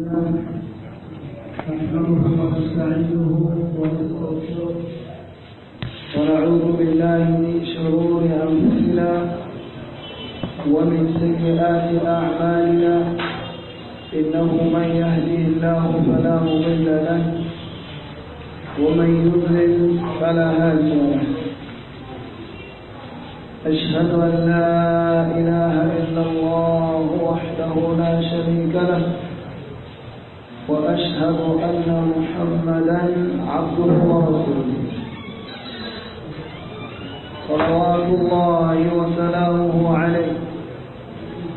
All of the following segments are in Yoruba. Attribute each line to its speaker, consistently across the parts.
Speaker 1: نحمده ونستعينه ونستغفره ونعوذ بالله من شرور انفسنا ومن سيئات اعمالنا انه من يهديه الله فلا مضل له ومن يضلل
Speaker 2: فلا هادي له أشهد أن لا
Speaker 1: إله إلا الله وحده لا شريك له وأشهد أن محمدا عبده ورسوله صلوات الله وسلامه
Speaker 2: عليه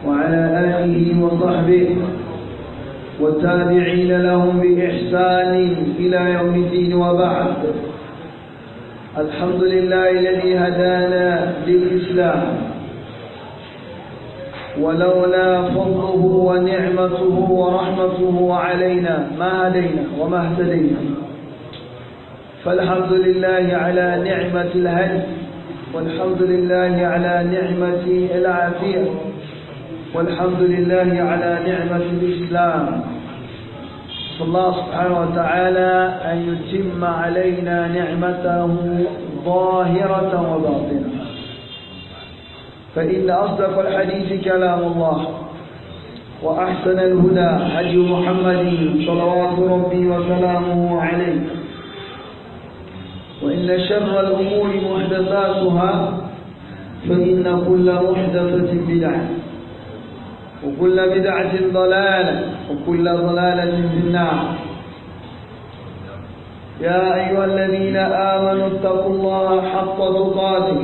Speaker 2: وعلى آله وصحبه والتابعين لهم بإحسان إلى يوم الدين وبعد الحمد لله الذي هدانا للإسلام ولولا فضله ونعمته ورحمته علينا ما هدينا وما اهتدينا فالحمد لله على نعمة الهدي والحمد لله على نعمة العافية والحمد لله على نعمة الإسلام فالله سبحانه وتعالى أن يتم علينا نعمته ظاهرة وباطنة فإن أصدق الحديث كلام الله وأحسن الهدى هدي محمد صلوات ربي وسلامه عليه وإن شر الأمور محدثاتها فإن كل محدثة بدعة وكل بدعة ضلالة وكل ضلالة في النار يا أيها الذين آمنوا اتقوا الله حق تقاته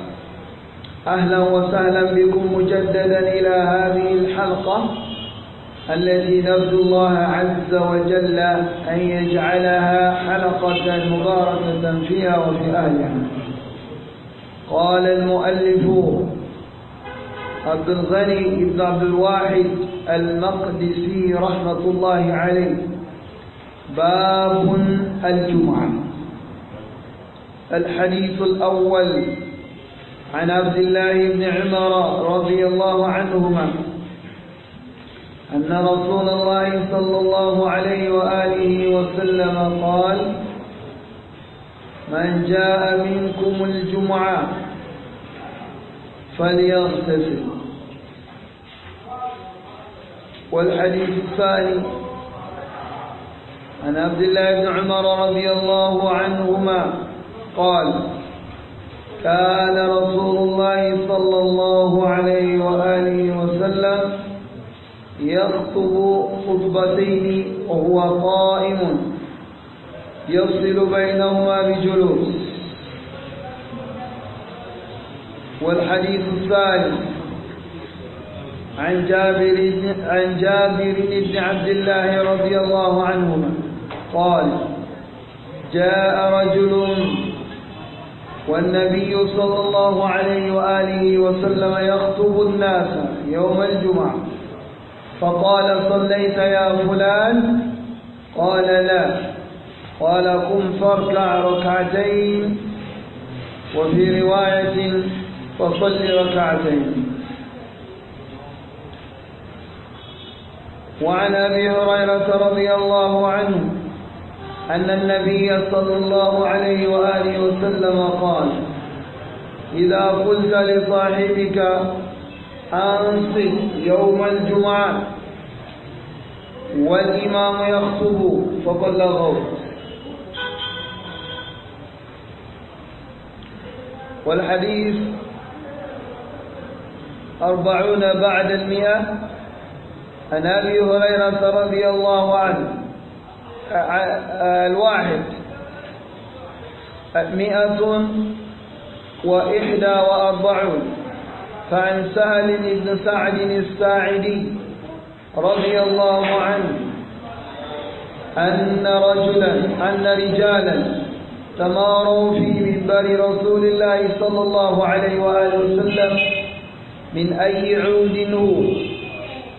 Speaker 2: أهلا وسهلا بكم مجددا إلى هذه الحلقة التي نرجو الله عز وجل أن يجعلها حلقة مباركة فيها وفي أهلها قال المؤلف عبد الغني بن عبد الواحد المقدسي رحمة الله عليه باب الجمعة الحديث الأول عن عبد الله بن عمر رضي الله عنهما أن رسول الله صلى الله عليه وآله وسلم قال من جاء منكم الجمعة فليغتسل والحديث الثاني عن عبد الله بن عمر رضي الله عنهما قال كان رسول الله صلى الله عليه وآله وسلم يخطب خطبتين وهو قائم يفصل بينهما بجلوس والحديث الثاني عن جابر عن جابر بن عبد الله رضي الله عنهما قال جاء رجل والنبي صلى الله عليه وآله وسلم يخطب الناس يوم الجمعة فقال صليت يا فلان قال لا قال قم فاركع ركعتين وفي رواية فصل ركعتين وعن أبي هريرة رضي الله عنه أن النبي صلى الله عليه وآله وسلم قال إذا قلت لصاحبك أنصت يوم الجمعة والإمام يخطب فبلغه
Speaker 1: والحديث
Speaker 2: أربعون بعد المئة عن أبي هريرة رضي الله عنه الواحد مئة وإحدى وأربعون فعن سهل بن سعد الساعدي رضي الله عنه أن رجلا أن رجالا تماروا في منبر رسول الله صلى الله عليه وآله وسلم من أي عود هو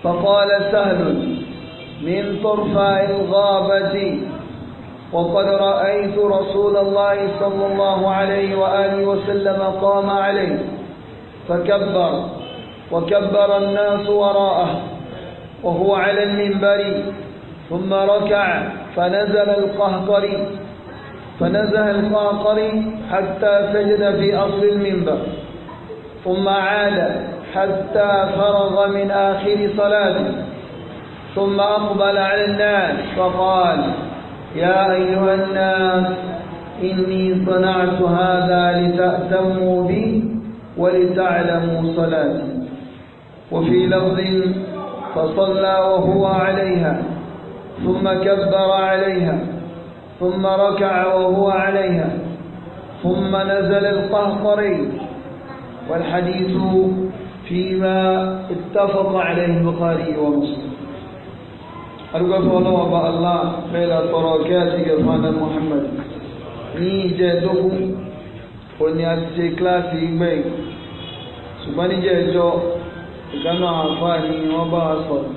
Speaker 2: فقال سهل من طرفاء الغابة وقد رأيت رسول الله صلى الله عليه وآله وسلم قام عليه فكبر وكبر الناس وراءه وهو على المنبر ثم ركع فنزل القهقري فنزه القهقري حتى سجد في أصل المنبر ثم عاد حتى فرغ من آخر صلاته ثم أقبل على الناس فقال يا أيها الناس إني صنعت هذا لتأتموا بي ولتعلموا صلاتي وفي لفظ فصلى وهو عليها ثم كبر عليها ثم ركع وهو عليها ثم نزل القهقري والحديث فيما اتفق عليه البخاري ومسلم arúgbó fún ọlọ́wọ́ bá Allah fẹ́lá tọrọ kí a ti gẹ̀ fún adá Muhammad ní ìjẹ́ dógún òní a ti ṣe kíláàsì gbẹ̀yìn ṣùgbọ́n níjẹ́ ẹjọ́ ìkánú àǹfààní ni wọ́n bá wa sọ̀rọ̀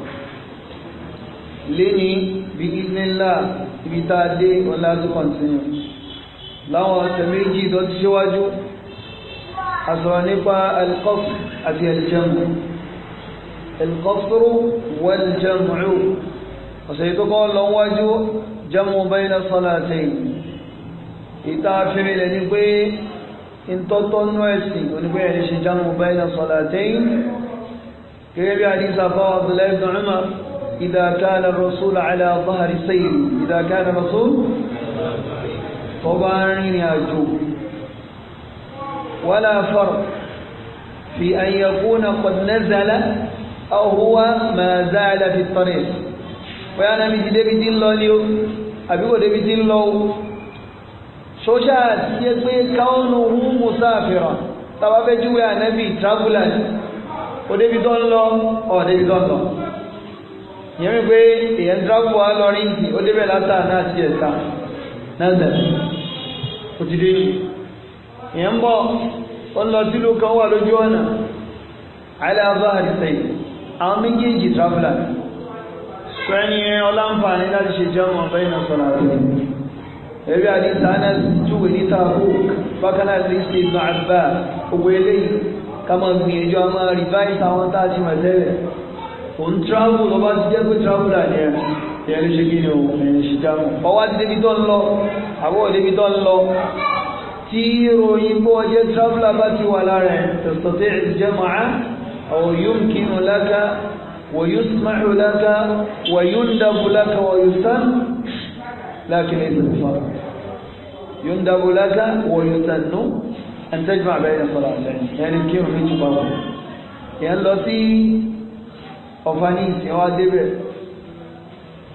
Speaker 2: léni bí ìdínlá ibi tá a dé wọn láti kọ̀ǹtínú láwọn ọ̀sẹ̀ méjì tó ti ṣíwájú a sọ̀rọ̀ nípa al àti al-jam'u al-qasru wal-jam'u وسي قول لو وجو جمع بين الصلاتين يتافر لني بي ان توتون نويسي وني بي يعني شي جمع بين الصلاتين كيف يعني صفا عبد الله بن عمر اذا كان الرسول على ظهر سير اذا كان الرسول فباني يجو ولا فرق في ان يكون قد نزل او هو ما زال في الطريق bóyá nàbí ti débi ti ń lọ ni ó àbí kò débi ti ń lọ ó sọ́ṣà ti yẹ pé káwọnù hún mùsáfìrà tàbá fẹ́ júwe ànábì tráfúlà ni ó débi tó ń lọ ọ̀ débi tó ń lọ ìyẹn mi pé èèyàn tráfù wa lọ rìn ó débẹ̀ látà náà ti ẹ̀ta náà dẹ̀ ó ti dé ìyẹn ń bọ̀ ó ń lọ sílùú kan wà lójú ọ̀nà àìlẹ́ abáhàrì sẹ́yìn àwọn méjèèjì tráfúlà sọ ẹni ọláǹfààní láti ṣe jẹun ọ̀bẹ iná sọ̀rọ̀ àti ẹ̀rí àdìsá náà júwèé ní Tabuk bákan náà ti ṣe ibn àgbà gbogbo eléyìí ká máa gbìyànjú àwọn rìváìsì àwọn tá a ti mọ̀ tẹ́lẹ̀ òun tíráwù lọ bá ti jẹ́ pé tíráwù rà ní ẹ̀rí ẹ̀rí ṣe kí ni òun ẹ̀yìn ṣe dáhùn ọwọ́ ti débi tó ń lọ àbọ̀ débi tó ń lọ tí ìròyìn bó ọjẹ́ tíráwù bá ti wà lára ẹ̀ tẹ̀sítọ̀tẹ̀ ìjẹ́mọ̀ á ọ̀ ويسمع لك ويندب لك ويسن لكن ليس بفرض يندب لك ويسن أن تجمع بين صلاتين يعني كيف في تبارك يعني لو تي أفانيس يوادي بي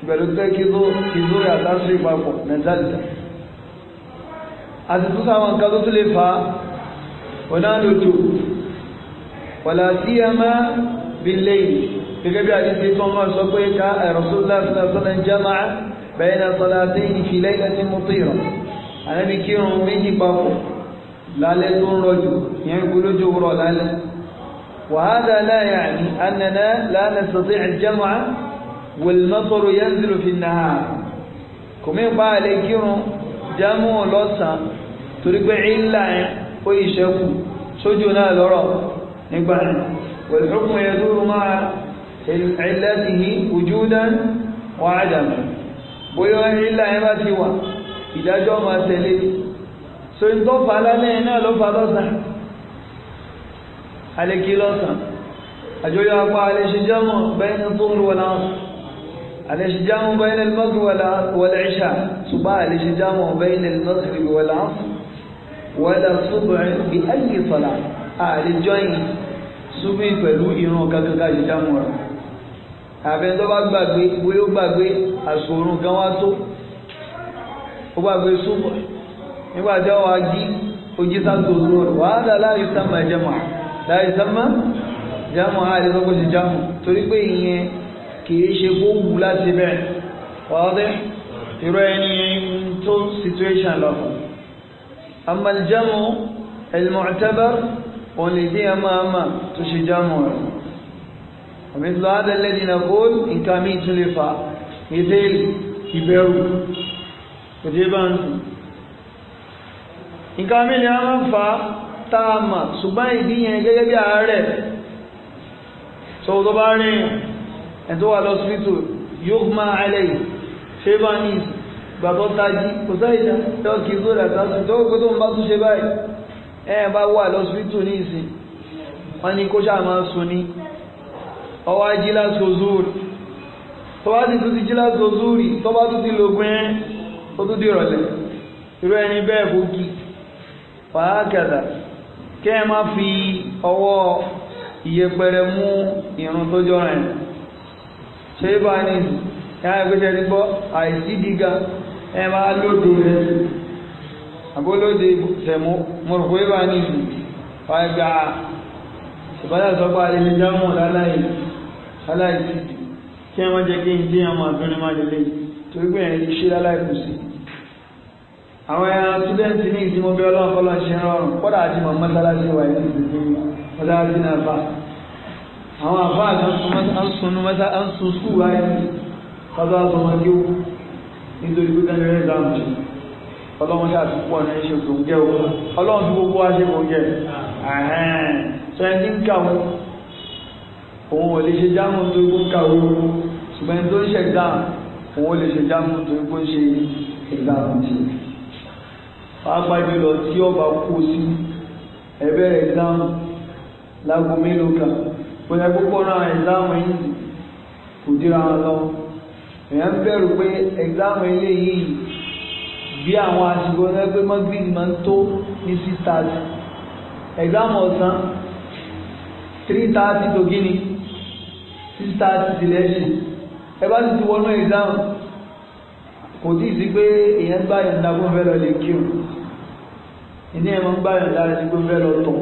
Speaker 2: بلوتا كيزو كيزو يا تاسري باكو نزلت أتتوكا وان كادو تلفا ونالو تو ولا سيما بالليل gẹ́gẹ́ bí àdìsí tó máa sọ pé ká ẹ̀rọ̀sọ́lá sọ́lá jámà bẹ́ẹ̀nà sọ́lá tí ìfìlẹ̀ ìlẹ́sìn mọ́tìrọ̀ àrẹ́bí kírun méjì papọ̀ lálẹ́ tó ń rọjò ìyẹn gbólójú rọ̀ lálẹ́ وهذا لا يعني أننا لا نستطيع الجمع والمطر ينزل في النهار كما يقال لكيرو جمع لوسا تريد إلا ويشكو سجنا لرا نقبل والحكم يدور مع علته وجودا وعدما bóyá ilá yẹn bá ti wà ìdájọ́ máa tẹ̀lé so n tó fa lálẹ́ yẹn náà ló fa lọ́sàn alẹ́kí lọ́sàn àjọyọ̀ apá alẹ́ṣẹ́jámọ̀ bẹ́ẹ̀ni tóun wọlá alẹ́ṣẹ́jámọ̀ bẹ́ẹ̀ni lọ́sàn wọlá ìṣà ṣùgbọ́n alẹ́ṣẹ́jámọ̀ bẹ́ẹ̀ni lọ́sàn wọlá wọlá ṣùgbọ́n bí ayé sọ̀lá àlejọ́ yìí ṣùgbọ́n pẹ̀lú ìran kankan ká ṣe jámọ̀ rẹ̀ àbẹ tó bá gbàgbé bóyá ó gbàgbé àsìkò oorun kan wá tó ó gbàgbé súnmọ́ nígbà tí wọ́n wá jí ojí sáàtò lóòrùn wàhálà láì sàmà jama láì sàmà jama àìsàkó ti jama torí pé ìyẹn kìí ṣe gbóòwù láti bẹ̀rẹ̀ wàhálà irú ẹni tó situation lọ fún amaljamu elmu'tabar òní bí a máa ma tó ṣe jamu rẹ̀ àmìtìlọ adẹ́lẹ́dì náà kó nǹkan mí tún lè fa ìdẹ́lì ìbẹ̀rù òjé bá ń sùn nǹkan mí ni a máa ń fa tá a mà ṣùgbọ́n ìdí yẹn gẹ́gẹ́ bí ààrẹ sọ̀rọ̀ tó bá rìn ẹ̀ tó wà lọ́sítò yóò máa alẹ́ yìí ṣé bá ní gbàtọ́ tají kò sáìdá tó kì í tó dàgbà sùn tó kó tó ń bá tún ṣe báyìí ẹ̀ bá wà lọ́sítò ní ìsìn wọ́n ní kó ṣáà máa sùn ní ọwọ́ ajílá sozúrì tó bá ti tún ti jílá sozúrì tó bá tún ti lògùn ẹ́ ó tún di ìrọ̀lẹ́ irú ẹni bẹ́ẹ̀ kó kí fàákàdà kẹ́ ẹ má fi ọwọ́ ìyẹpẹrẹ mú ìrun tó jọ rẹ̀ ṣé bá ní ìyá ìgbésẹ̀ ti gbọ́ àìsí gíga ẹ máa lòdò rẹ̀ àbólóde tẹ̀mú mọ̀rùkú ìbá ní ìsìn fàágbà ìbáyà sọ́pàá ilé jámù láláyìí aláìsí kí wọ́n jẹ́ kí n dín àwọn àgbẹ̀rin máa lè lè torí pé ẹ̀rí iṣẹ́ aláìkú sí. àwọn ẹran túdẹ́ǹtì ní ìdí mo bí ọlọ́run kọ́lọ́ ṣe ń rọrùn kọ́dà àti mọ̀ mọ́sálásí wà ní ìdílé mọ́sálásí náà bá. àwọn àbá àtàn sun skul wáyé kọ́dọ̀ àtọmọdé wò nítorí pé kẹ́lẹ́ rẹ̀ dáhùn jù ọlọ́run ṣáà ti pọ̀ ní ṣe ògbóǹgẹ́ ọlọ́run ti gbogbo wa ṣe ògbóǹgẹ́ òun ò lè ṣe jámù tó ikú ń kàwé ṣùgbọ́n ẹni tó ń ṣe exam òun ò lè ṣe jámù tó ikú ń ṣe exam ti pàápàá jùlọ tí ọba kú sí ẹbẹ exam lágbo mélòó kan bóyá púpọ̀ náà exam yìí kò dira wọn lọ èèyàn bẹ̀rù pé exam eléyìí bí àwọn àsìkò ẹgbẹ́ mọ́gírìn máa ń tó ní six thirty exam ọ̀sán three thirty tó gíní sisters selection ẹ bá ti ti wọnú exam kò tí ì sí pé èèyàn gbá yọ̀ǹda kó fẹ́ lọ lè kírun ìní ẹ̀ máa ń gbá yọ̀ǹda rẹ̀ sí pé fẹ́ lọ tọ̀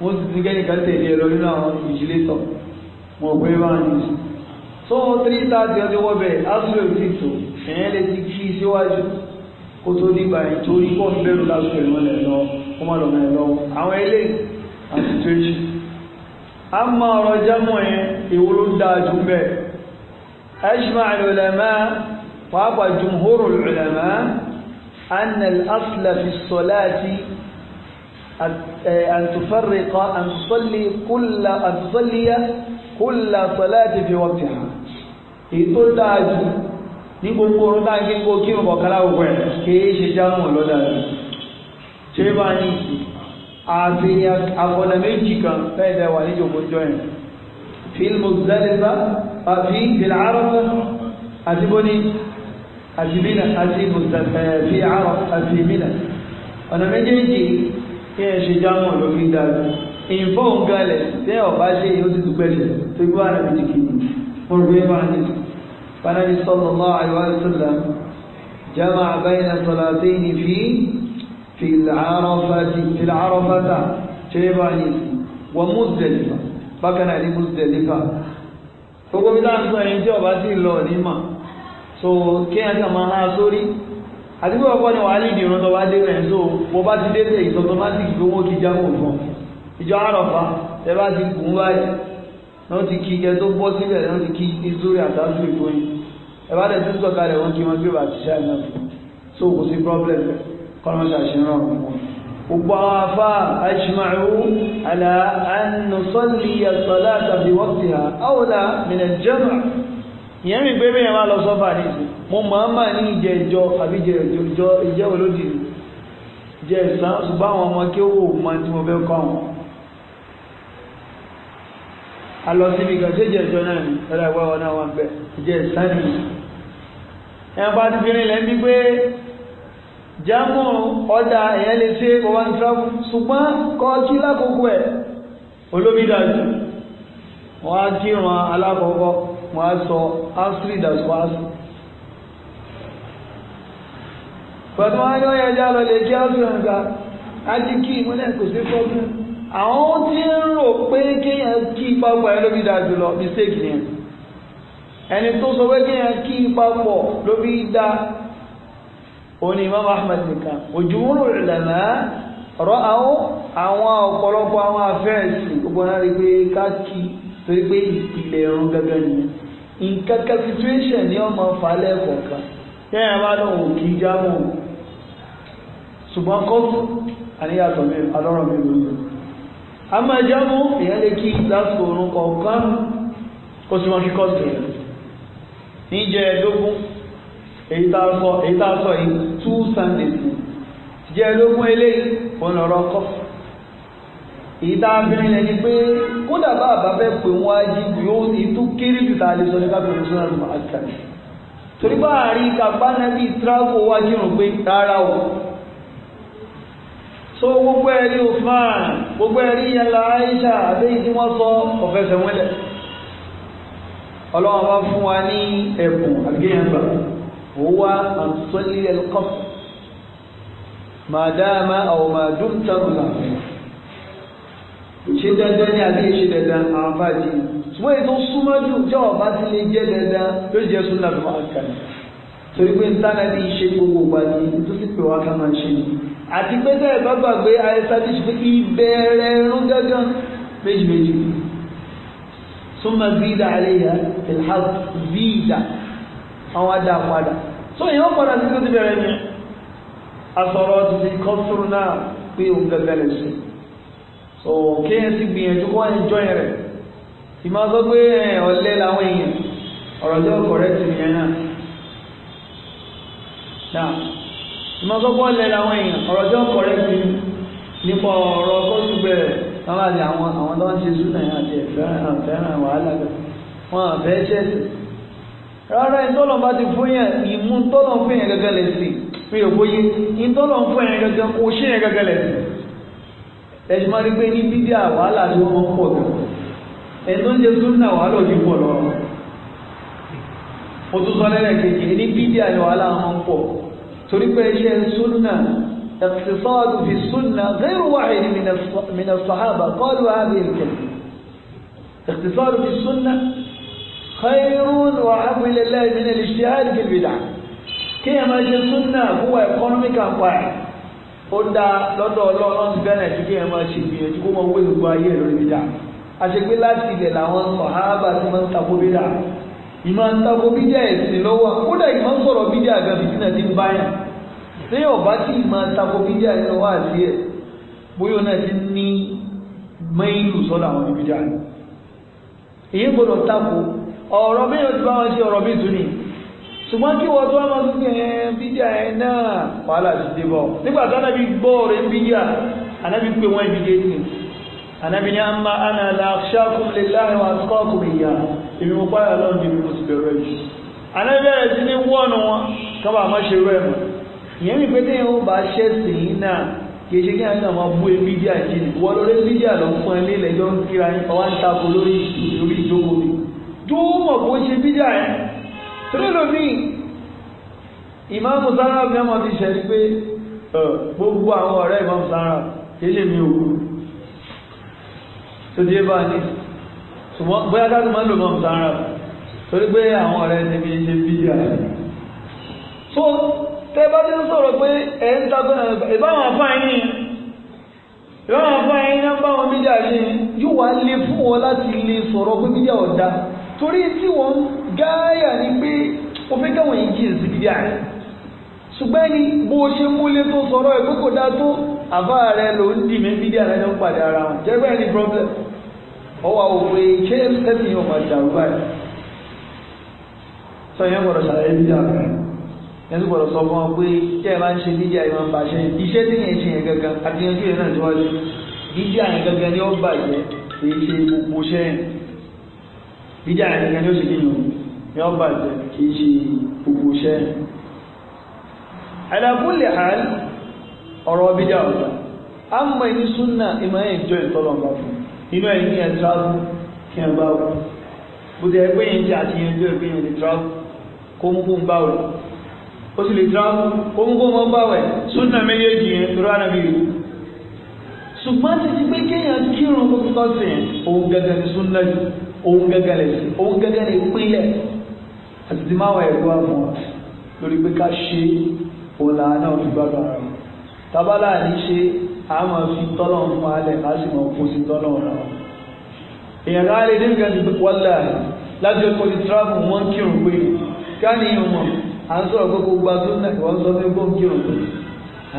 Speaker 2: wọ́n ti ti kẹ́nìkan tẹ̀lé ẹ lọ nínú àwọn ìjìlé tọ̀ wọn ò pé bá ń yìí tó three thirty ọdún wọ́bẹ̀ asúlẹ̀ òtí tó ẹ̀yẹ́ lè ti kí síwájú kó tó dìgbà yìí torí pọ̀ ń bẹ̀rù ìwọ̀n lẹ̀ lọ kó má lọ́mọ ẹ̀ lọ́wọ́ àwọn eléyìí a mọ ọ̀rọ̀ jámọ̀ yẹn ìwò ló dáa jù bẹ́ẹ̀ ajma al-ulama pàápàá jumhur al-ulama anna al-asl fi as-salati أن تفرق أن تصلي كل أن تصلي كل صلاة في وقتها ètò dáadù ní gbogbo orun tá a gbé kó kírun kọ̀ọ̀kan láwùjọ ẹ̀ kì í ṣe jámù lọ́dà rẹ̀ ṣé bá ní ìsìn àfihàn àfọ̀nà méjì kan bẹ́ẹ̀ bẹ́ẹ̀ wà níjòkó jọ yẹn fílmù zẹ́lẹ̀fà àfi ìlàárọ̀fà àti bóni àti bínà àti fi àrọ̀ àti bínà ọ̀nà méjèèjì kí ẹ ṣe jámọ̀ lórí dáadáa ìfọ̀ òǹgalẹ̀ tẹ́ ọ̀bá ṣe yóò ti dùgbẹ́ ṣe tó gbọ́ àrà méjì kì í mo rò pé máa ní bánàbí sallallahu alaihi wa sallam jama'a bayna salatain fi في العرفة في العرفة شيباني ومزدلفة بكن علي مزدلفة gbogbo bí láti sọ ẹyin tí ọba sì lọ ní mà so kí ẹni ọmọ ha sórí àti pé ọkọ ni wàá lè dìrún tọba dé rẹ so bó bá ti dé tẹ ìtọ́tọ́mátìkì tó wọ́n kí jágò fún ìjọ àrọ̀fà ẹ bá ti kùn báyìí náà ti kí ẹ tó bọ́ sílẹ̀ náà ti kí ìsórí àtàlù ìfọyín ẹ bá dẹ̀ tó sọ̀kalẹ̀ wọn kí wọn gbé bàtìṣà náà so kò sí problem bẹ́ẹ̀ kọ́lọ́mọ́sá ṣe ń rọrùn fún gbogbo àwọn afá ajma'u ala an nusalli as-salata bi waqtiha awla min al-jam' ìyẹn mi gbé bí yẹn máa lọ sọ́fà ní ìsìn mo máa ń mà ní ìjẹ ìjọ àbí ìjẹ ìjọ ìjẹ olódì ìjẹ ìsán ṣùgbọ́n àwọn ọmọ kí ó wò máa tí mo fẹ́ kọ́ àwọn alọ síbi kan ṣé ìjẹ ìjọ náà ni ẹ̀rọ ìwà wọn náà wà ń bẹ̀ ìjẹ ìsán ni ẹ̀ bá ti fi rinlẹ̀ ń bí pé Jamu ọ̀dà èèyàn lè ṣe ọwá ń tíráfù ṣùgbọ́n kọ́ kí lákòókò ẹ̀ olómi dájú wọ́n á kírun alákọ̀ọ́kọ́ wọ́n á sọ asiri dàsùn asiri pẹ̀lú wọn yọ ẹja lọ lè kí asiri ọ̀gá ajíkì ìmúlẹ̀ kò sí fọ́ọ̀mù àwọn tí ń rò pé kéèyàn kí papọ̀ ẹ lómi dájú lọ mistake ni ẹni tó sọ pé kéèyàn kí papọ̀ lómi dájú òní imam ahmed nìkan òjúmúrò ìlànà rọ àwọn àwọn ọ̀pọ̀lọpọ̀ àwọn afẹ́ẹ̀sì gbogbo náà rí pé káàkì torí pé ìpìlẹ̀ ẹ̀rùn gẹ́gẹ́ nìyẹn nǹkan kan situation ní ọmọ falẹ̀ kọ̀ọ̀kan yẹ́n bá lóun kì í jámù ṣùgbọ́n kọ́fù àníyàtọ̀ mi alọ́rọ̀ mi lóyún a máa jámù èèyàn lè kí lásìkò orun kọ̀ọ̀kan kó sì wọ́n kíkọ́ sí ẹ̀ níjẹ́ ẹ̀ẹ́dógún èyí tá a sọ èyí two sundays ni jẹ́ ológun eléyìí òun lọ́rọ́ kọ́ ìta abirin lẹ ni pé kódà bá àbá fẹ́ pé wọ́n á jí yóò ìtú kéré jù tá a lè sọ ní kábíyèsí sọ́nà lọ́mọ àkàrà torí bá àárín kàgbá nàbí tíráfò wá jírùn pé rárá o so gbogbo ẹ̀rí Usman gbogbo ẹ̀rí yẹnla Aisha àbẹ́yìn tí wọ́n sọ ọ̀fẹ́sẹ̀ wọ́n lẹ̀ ọlọ́run bá fún wa ní ẹ̀bùn àbíkẹ́yẹn gbà هو أن تصلي القصر ما دام أو ما دمت منافقا ṣe dandan ní àbí ṣe dandan àǹfà jì ṣùgbọ́n èyí tó súnmọ́ jù jẹ́ ọ̀bá ti lè jẹ́ dandan yóò jẹ́ súnmọ́ àbí máa kà ní. torí pé ntánà bí ṣe gbogbo gbà tó sì pè wá ká máa ṣe ní. àti pé tẹ́ bá gbàgbé àyẹ̀sá ti ṣe pé ìbẹ̀rẹ̀ ẹ̀rún gángan méjì súnmọ́ bídà àlẹ́ yà bídà àwọn adá padà tó èèyàn padà sí tó ti bẹ̀rẹ̀ ni asọ̀rọ̀ ti fi kọ́sùrù náà pé òun gẹ́gẹ́ lè ṣe so kéèyàn sì gbìyànjú kó wọ́n jọ rẹ̀ ìmọ̀ sọ pé ọ̀lẹ́ làwọn èèyàn ọ̀rọ̀ tí ọkọ̀ rẹ̀ ti yẹn náà ìmọ̀ sọ pé ọ̀lẹ́ làwọn èèyàn ọ̀rọ̀ tí ọkọ̀ ti nípa ọ̀rọ̀ kọ́sùrù bẹ̀rẹ̀ táwọn àti àwọn àwọn tó ń ṣe súnà yẹn àti ẹ̀fẹ́ràn wàhálà wọn àfẹ́ ṣẹ̀ṣẹ̀ rárá ìtọ́lọ̀ bá ti fún yẹn ìmú tọ́lọ̀ fún yẹn gẹ́gẹ́ lẹ̀ sí fi òbóyé ìtọ́lọ̀ fún yẹn gẹ́gẹ́ kò ṣe yẹn gẹ́gẹ́ lẹ̀ sí ẹ̀ṣù máa rí pé ní bídí àwàhálà ni wọ́n pọ̀ tó ẹ̀tọ́ ń jẹ súnà wàhálà òjì pọ̀ lọ́rọ̀ mo tún sọ lẹ́rẹ̀ kejì ní bídí àwàhálà wọn pọ̀ torí pé iṣẹ́ súnà اقتصاد في السنة غير واحد من الصحابة قالوا خير وأحب إلى الله من الاجتهاد في البدع kéèyàn ṣe súnà fún economic and fire ó dá lọ́dọ̀ ọlọ́run fẹ́ràn ju kéèyàn máa ṣe ìgbìyànjú kó máa wé gbogbo ayé lórí bídà àṣegbé láti ilẹ̀ làwọn sọ̀hábà tí máa ń ọ̀rọ̀ mi ò ti bá wọn ṣe ọ̀rọ̀ mi tún ni ṣùgbọ́n kí wọ́n tó wá máa tún ẹ bíjà ẹ náà wàhálà ti dé bọ̀ nígbà tó anábì gbọ́ rẹ̀ ń bíjà anábì pé wọ́n ìbíjẹ́ sí anábì ní àmà àná làṣàkùn lè láàrin wọn kọ́ọ̀kùn ìyá èmi mo pààyà lọ́nà èmi mo sì bẹ̀rẹ̀ yìí anábì bẹ̀rẹ̀ sí ní wọ́ọ̀nù wọn kọ́ bá má ṣe rẹ̀ mọ́ ìyẹn mi pé téèyàn ó bá ṣẹ́ sí i náà kì í ṣe kí àwọn ọmọ bú ebíjà jìnnì wọ́n lórí bíjà lọ fún ẹ nílẹ̀ jọ ń kíra yín ọwọ́ ń takò lórí ìjókòó mi túmọ̀ bó ṣe bídà ẹ̀ trílòmí ìmáàmù sára ní ọmọ ti ṣẹ̀rí pé gbogbo àwọn ọ̀rẹ́ ìmáàmù sára kéṣe mi òkú tó dé bá ní ṣùgbọ́n bóyá dájú máa ń lò mọ́ sára torí pé àwọn ọ̀rẹ́ ti fi ṣe bídà ẹ̀ so tẹ́ bá ti ń sọ̀rọ̀ pé ẹ̀ ń tagbọ́n ìbáwọn afáyín ìbáwọn afáyín náà báwọn bídà ní yóò wá lé fún wọn láti lè sọ̀rọ̀ pé bídà ọ̀dà torí tí wọ́n gáyà ní pé o fẹ́ káwọn yìí jí èsì bíbí ààrẹ ṣùgbọ́n ni bó o ṣe múlé tó sọ̀rọ̀ ẹ̀ pé kò dá tó àbá rẹ ló ń dì mí bíbí ààrẹ ló ń padà ara wọn jẹ́ bẹ́ẹ̀ ni problem ọwọ́ òwe ṣé ẹ̀sìn yóò máa dàrú báyìí sọ yẹn gbọ́dọ̀ ṣàlàyé bíbí ààrẹ yẹn tó gbọ́dọ̀ sọ fún ọ pé tẹ́ ẹ máa ń ṣe bíbí ààrẹ máa ń bá ṣe iṣẹ́ tí yẹn ṣe yẹn bídà ẹ̀yẹn ló ṣe kí yàn ní ọba jẹ kì í ṣe gbogbo iṣẹ́ àdàkùnlé hàn ọ̀rọ̀ bídà ọ̀dà a ń mọ ẹni súnà ìmọ̀ ẹ̀yìn jọ ìtọ́lọ̀ ọ̀gá fún inú ẹ̀yìn yẹn tíráàbù kí ẹ bá wù bùdó ẹgbẹ́ yẹn ti àti yẹn jọ ẹgbẹ́ yẹn lè tíráàbù kó mú òun gẹ́gẹ́ ní súnà yìí òun gẹ́gẹ́ lè sí òun gẹ́gẹ́ lè pínlẹ̀ àti ti máa wà ẹ̀kọ́ àmọ́ lórí pé ká ṣe òun làá náà fi gbàgbà rẹ̀ tábàlà ní ṣe àmọ́ fi tọ́lọ̀ ń pa alẹ̀ láti mọ̀ kó sí tọ́lọ̀ rẹ̀ èèyàn náà lè dín gẹ́gẹ́ ti wọ́lá láti ọkọ̀ ti tíráàmù wọ́n kírun pé ká ní ìmọ̀ à ń sọ̀rọ̀ gbogbo gba tó náà wọ́n sọ pé gbọ́n kírun pé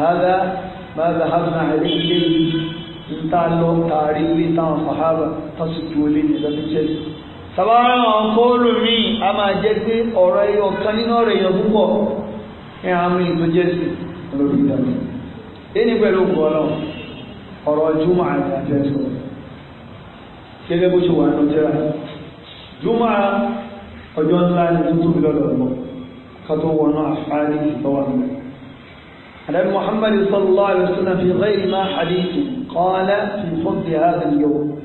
Speaker 2: هذا ما ذهبنا عليه nta lọ taari ilé táwọn sàhábà tó sì tu olè ní lọ́dúnjẹ́ sàbára àwọn kóòlù míì a máa jẹ́ pé ọ̀rọ̀ ẹyọ kan nínú ọ̀rọ̀ èèyàn púpọ̀ ní àmì tó jẹ́ sí lórí ìdàgbà ẹni pẹ̀lú ògùn ọlọ́run ọ̀rọ̀ júmọ̀ àti àjẹsọ gẹ́gẹ́ bó ṣe wà nínú jẹ́ra júmọ̀ ọjọ́ ńlá ni tó tóbi lọ́dọ̀ ọ̀gbọ́n ká tó wọnú àfáàní ìtọ́wà mi. Àdàbí Mùhàmmad sallallahu alayhi wa sallam fi ghayri ma hadithin قال في فضل هذا اليوم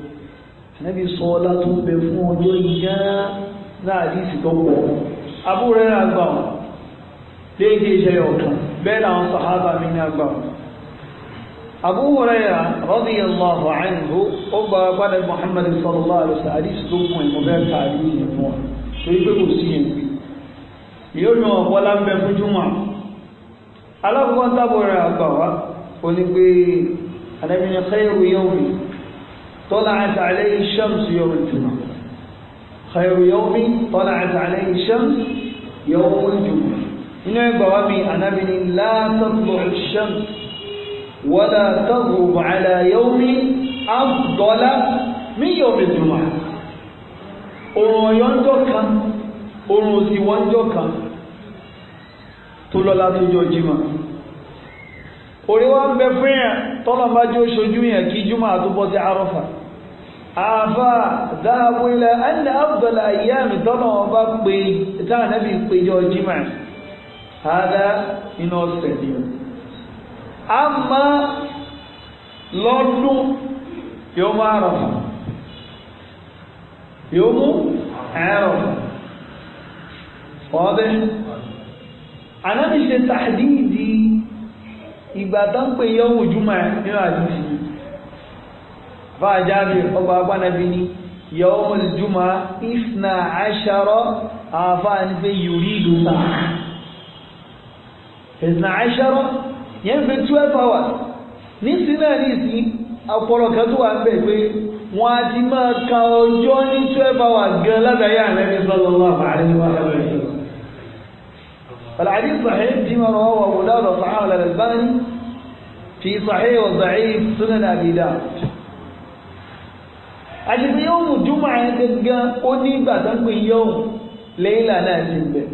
Speaker 2: النبي صلاة بفون جنجا láàdìsí tó pọ̀ abúrẹ́ náà gbà wọ́n léèké ìṣẹ̀lẹ̀ ọ̀tún bẹ́ẹ̀ náà sàhábà mi náà gbà wọ́n Abu Huraira radiyallahu anhu ó gba gbádẹ Muhammad sallallahu alaihi wasallam àdìsí tó pọ̀ ìmọ̀ bẹ́ẹ̀ tààrí ìyẹn fún wọn torí pé kò sí yẹn pé yóò ní wọn bọ́lá ń bẹ fún júmọ̀ alákọ̀ọ́ tábọ̀ rẹ̀ àgbà wá ó ní pé Ànábì ní khayru yawmi tala'at alayhi ash-shamsu yawm al-jumu'ah khayru yawmi tala'at alayhi ash-shamsu yawm al-jumu'ah inú ẹgbàá wa mi Ànábì ní la tatlu'u ash-shamsu wala taghrubu ala yawmi afdala min yawm al-jumu'ah òrùn ọ̀yọ́ ń jọ kan òrùn òsì wọ́n ń jọ kan tó lọ́lá tó jọ jímọ̀ orí wá ń bẹ fún yẹn tọ́nà bá jó ṣojú yẹn kí jùmọ̀ àtúbọ̀ sí arọ́fà àfà dáàbò ilẹ̀ ẹni àbùdọ̀lá ìyá mi tọ́nà wọn bá pè dáàbì péjọ jimá àdá iná ọ̀sẹ̀ ni o a máa lọ́dún yóò mú àrọ̀fà yóò mú àrọ̀fà ọ̀dẹ́ anábìṣe
Speaker 1: tàdídìí
Speaker 2: ìgbà tó ń pè yọ́wò júmọ̀ nínú àdìsí fàájáde ọgbà agbánabi ni yọ́wò júmọ̀ ìsìnà àṣàrọ̀ àfáà ní pé yùrí ìlú náà ìsìnà àṣàrọ̀ yẹn fi twelve hours nísìnyí náà nísìnyí ọpọlọ kan tó wà ń bẹ pé wọn á ti máa ka ọjọ́ ní twelve hours gan lábẹ́ yà rẹ̀ ní sọ́lọ́lá àbáyé wà lọ́wọ́ yìí. فالحديث صحيح فيما رواه أبو داود وصححه الألباني في صحيح وضعيف سنن أبي داود àṣìṣe yóò mú jùmọ̀ ẹ̀ gẹ́gẹ́ ó ní ìgbà tó ń pè yóò lẹ́yìnlá náà ti bẹ̀.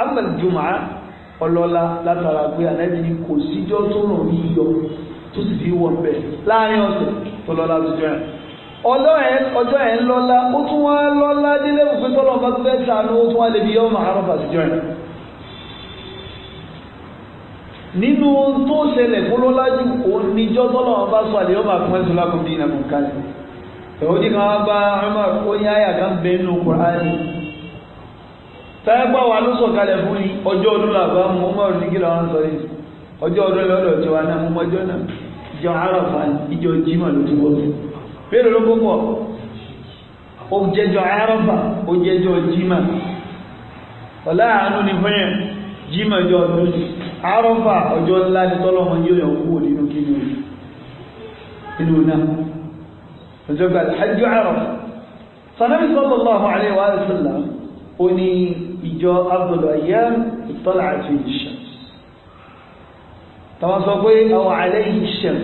Speaker 2: àmọ́ jùmọ̀ ọlọ́lá látara pé ànábì kò síjọ́ tó ràn mí yọ tó sì fi wọ̀ bẹ̀ láàrin ọ̀sẹ̀ tó lọ́lá tó jọ ẹ̀. ọjọ́ ẹ̀ ń lọ́lá ó tún wá lọ́lá délé òfin tọ́lọ́ bá tó fẹ́ sànú ó tún wá lè fi yọ màá rọ̀ bàtújọ́ ẹ̀. nínú tó ṣẹlẹ̀ kó lọ́lá jù òun níjọ́ tọ́lọ̀ ọba sọ àlè ọba fún ẹ̀sùn lákòókò ìnà kan wá bá ọmọ kó àyà kan bẹ nínú kùránì táyẹ́pà wà ló sọ kalẹ̀ fún yìí ọjọ́ ọdún ọmọ wọn sọ yìí ọjọ́ ọdún lọ́dọ̀ wa náà náà ìjọ àràfà ìjọ jimá ló ti bẹ́ẹ̀ ló àràfà àrọ́fà ọjọ́ ńlá ni tọ́lọ́mọ yóò yàn kúrò nínú kíni o nínú náà ọjọ́ gba alhajj àrọ́fà sanabi sallallahu alayhi wa sallam ó ní ìjọ abdul ayyam ìtọ́lá àti ìṣẹ́ tàwọn sọ pé àwọn alẹ́ ìṣẹ́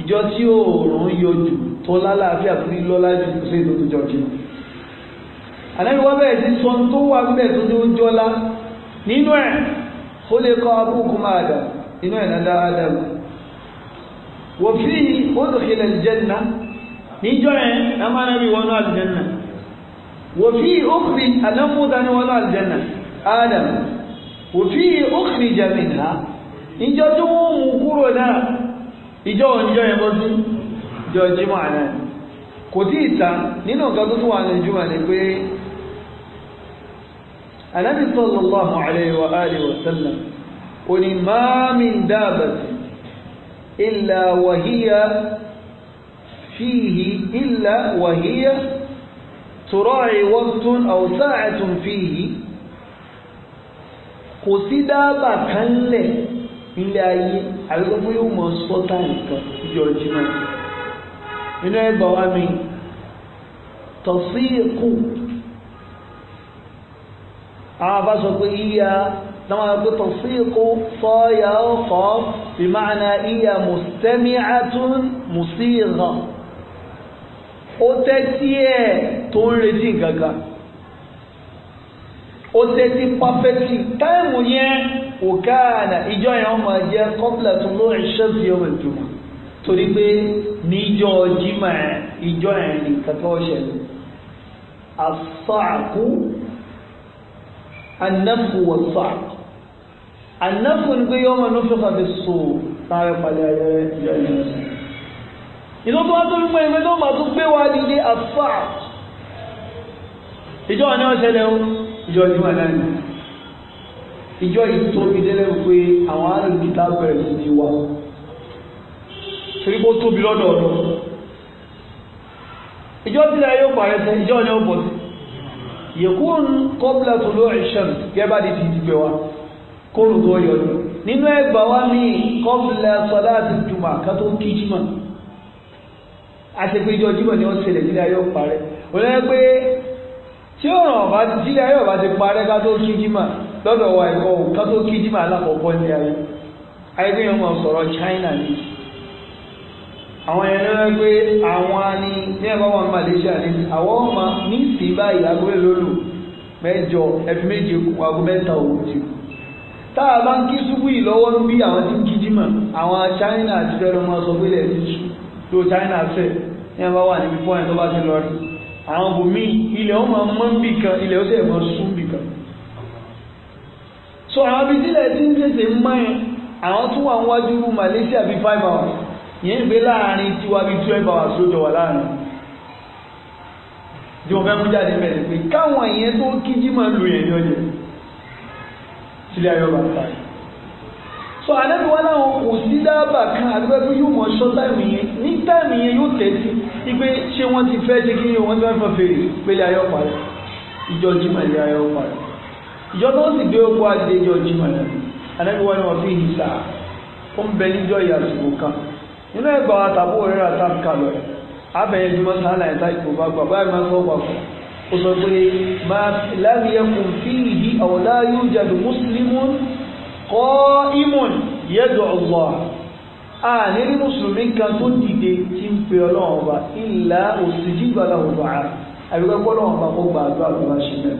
Speaker 2: ìjọ tí òòrùn yọjú tó lálàáfíà tó ní lọ́lá jù kó sí ètò tó jọ jìnnà sí sọ tó wà ń tó ní ó jọ́lá nínú ẹ̀ خلق أبوكم آدم إنه لا آدم وفيه أدخل الجنة نجوع أما نبي ونا الجنة وفيه أخرج النفوذ أن ونوى الجنة آدم وفيه أخرج منها ìjọ tí wọ́n mú kúrò náà ìjọ ìjọ yẹn bọ́ sí ìjọ jimá náà anábì sallallahu alayhi wa alihi wa sallam ó ní ma min dabbatin illa wa hiya fihi illa wa hiya tura'i waqtun aw sa'atun fihi kò sí dábà kan lẹ̀ ilé ayé àgbẹ̀gbẹ̀ yóò mọ sọ́tà nìkan ìjọ jimá inú ẹgbà wa mi tọ̀síìkù àwọn bá sọ pé iya náwọn ẹgbẹ́ tọ̀síkú sọ́yà ọkọ̀ bí máa na iya mùsẹ́míàtún mùsíìràn ó tẹ́tí ẹ̀ tó ń retí gàgà ó tẹ́tí pàfẹ́tì táìmù yẹn òkáàdà ìjọ yẹn ọmọ jẹ́ kọ́pìlà tó ló ṣe sí ọmọ ìjùmọ̀ torí pé níjọ jimá ìjọ yẹn nìkan tó ṣẹlẹ̀ àfàkù annafu wà sọ annafu ni pé yọ ọmọ inú fífa fi so táyọ padà ayẹyẹ ìyá ìyá ìlú tó wá tó wípé ìwé tó máa tó gbé wá nílé àfà ìjọ àná ọ̀ṣẹ́lẹ̀ ó ìjọ ìjọba náà ni ìjọ ìtóbi délẹ̀ pé àwọn arìnkìtà bẹ̀rẹ̀ sí ti wá torí bó tóbi lọ́dọ̀ ọ̀dọ̀ ìjọ tí láyé ó parẹ́ sẹ́ ìjọ ni ó bọ̀ sí yẹkùn kọ́bùlà tó ló ìṣàn gẹ́bà ní ti ti gbé wa kóòrù tó yọ ní nínú ẹgbà wa ní kọ́bùlà sọlá àti jùmọ̀ ká tó kí jímọ̀ àti pé ìjọ jímọ̀ ni wọ́n ṣẹlẹ̀ nílẹ̀ ayé ó parẹ́ òun lẹ́yìn pé tí ọ̀ràn ọ̀bá sílẹ̀ ayé ọ̀bá ti parẹ́ ká kí jímọ̀ lọ́dọ̀ wa ẹ̀kọ́ ká kí jímọ̀ alákọ̀ọ́kọ́ ní ayé ayé àwọn yẹn rẹ pé àwọn ni ní ẹ̀kọ́ wọn Malaysia ni, àwọn ọmọ ní ìsìn báyìí agbóyè lólu mẹ́jọ ẹbí méje kù aago mẹ́ta òwò ti kù tá a bá ń kí ṣubú yìí lọ́wọ́ ń bí àwọn tí ń kí jímọ̀ àwọn China àti fẹ́ràn máa sọ pé ilẹ̀ ti ṣú tó China fẹ́ ní ẹ bá wà níbi pọ́ìn tó bá ti lọ rí àwọn bòmí ilẹ̀ ó máa mọ́ bì kan ilẹ̀ ó sì ẹ̀ máa bì kan. so àwọn abidílẹ̀ tí ń tètè mọ́ àwọn tún wà ń wájú Malaysia bíi five hours yẹn gbé láàrin tiwa bíi twelve hours lójọ wà láàrin tí wọ́n fẹ́ mú jáde mẹ́rin pé káwọn èèyàn tó kíjí máa lu yẹn ní ọjọ́ sílẹ̀ ayọ́ bá ta yìí sọ àdébí wọn láwọn kò sí dábàá kan àdúgbò pé yóò mọ ṣọ táìmù yẹn ní táìmù yẹn yóò tẹ̀sí wípé ṣé wọ́n ti fẹ́ ṣe kí ni wọ́n ti fẹ́ fọ́n fèrè pélé ayọ́ parí ìjọ jimá ilé ayọ́ parí ìjọ tó sì gbé oko àti jimá yẹn àdébí ni wọ́n fi hìsà ó ń bẹ níjọ ìyàsùn kan nínú ẹgbà àtàbò rẹ̀ àtàkà lọ abẹ̀yẹ jùmọ̀ sàálà ẹ̀ta ìkò bá gbà báyìí máa sọ́pàá fún ó sọ pé ma lam yakun fihi aw la yujadu muslimun qa'imun yad'u Allah a nírí mùsùlùmí kan tó dìde tí ń pe ọlọ́run ọba illa ustijiba lahu du'a àbíkọ́ gbọ́dọ̀ ọba kó gba àdúrà tó bá ṣe mẹ́rin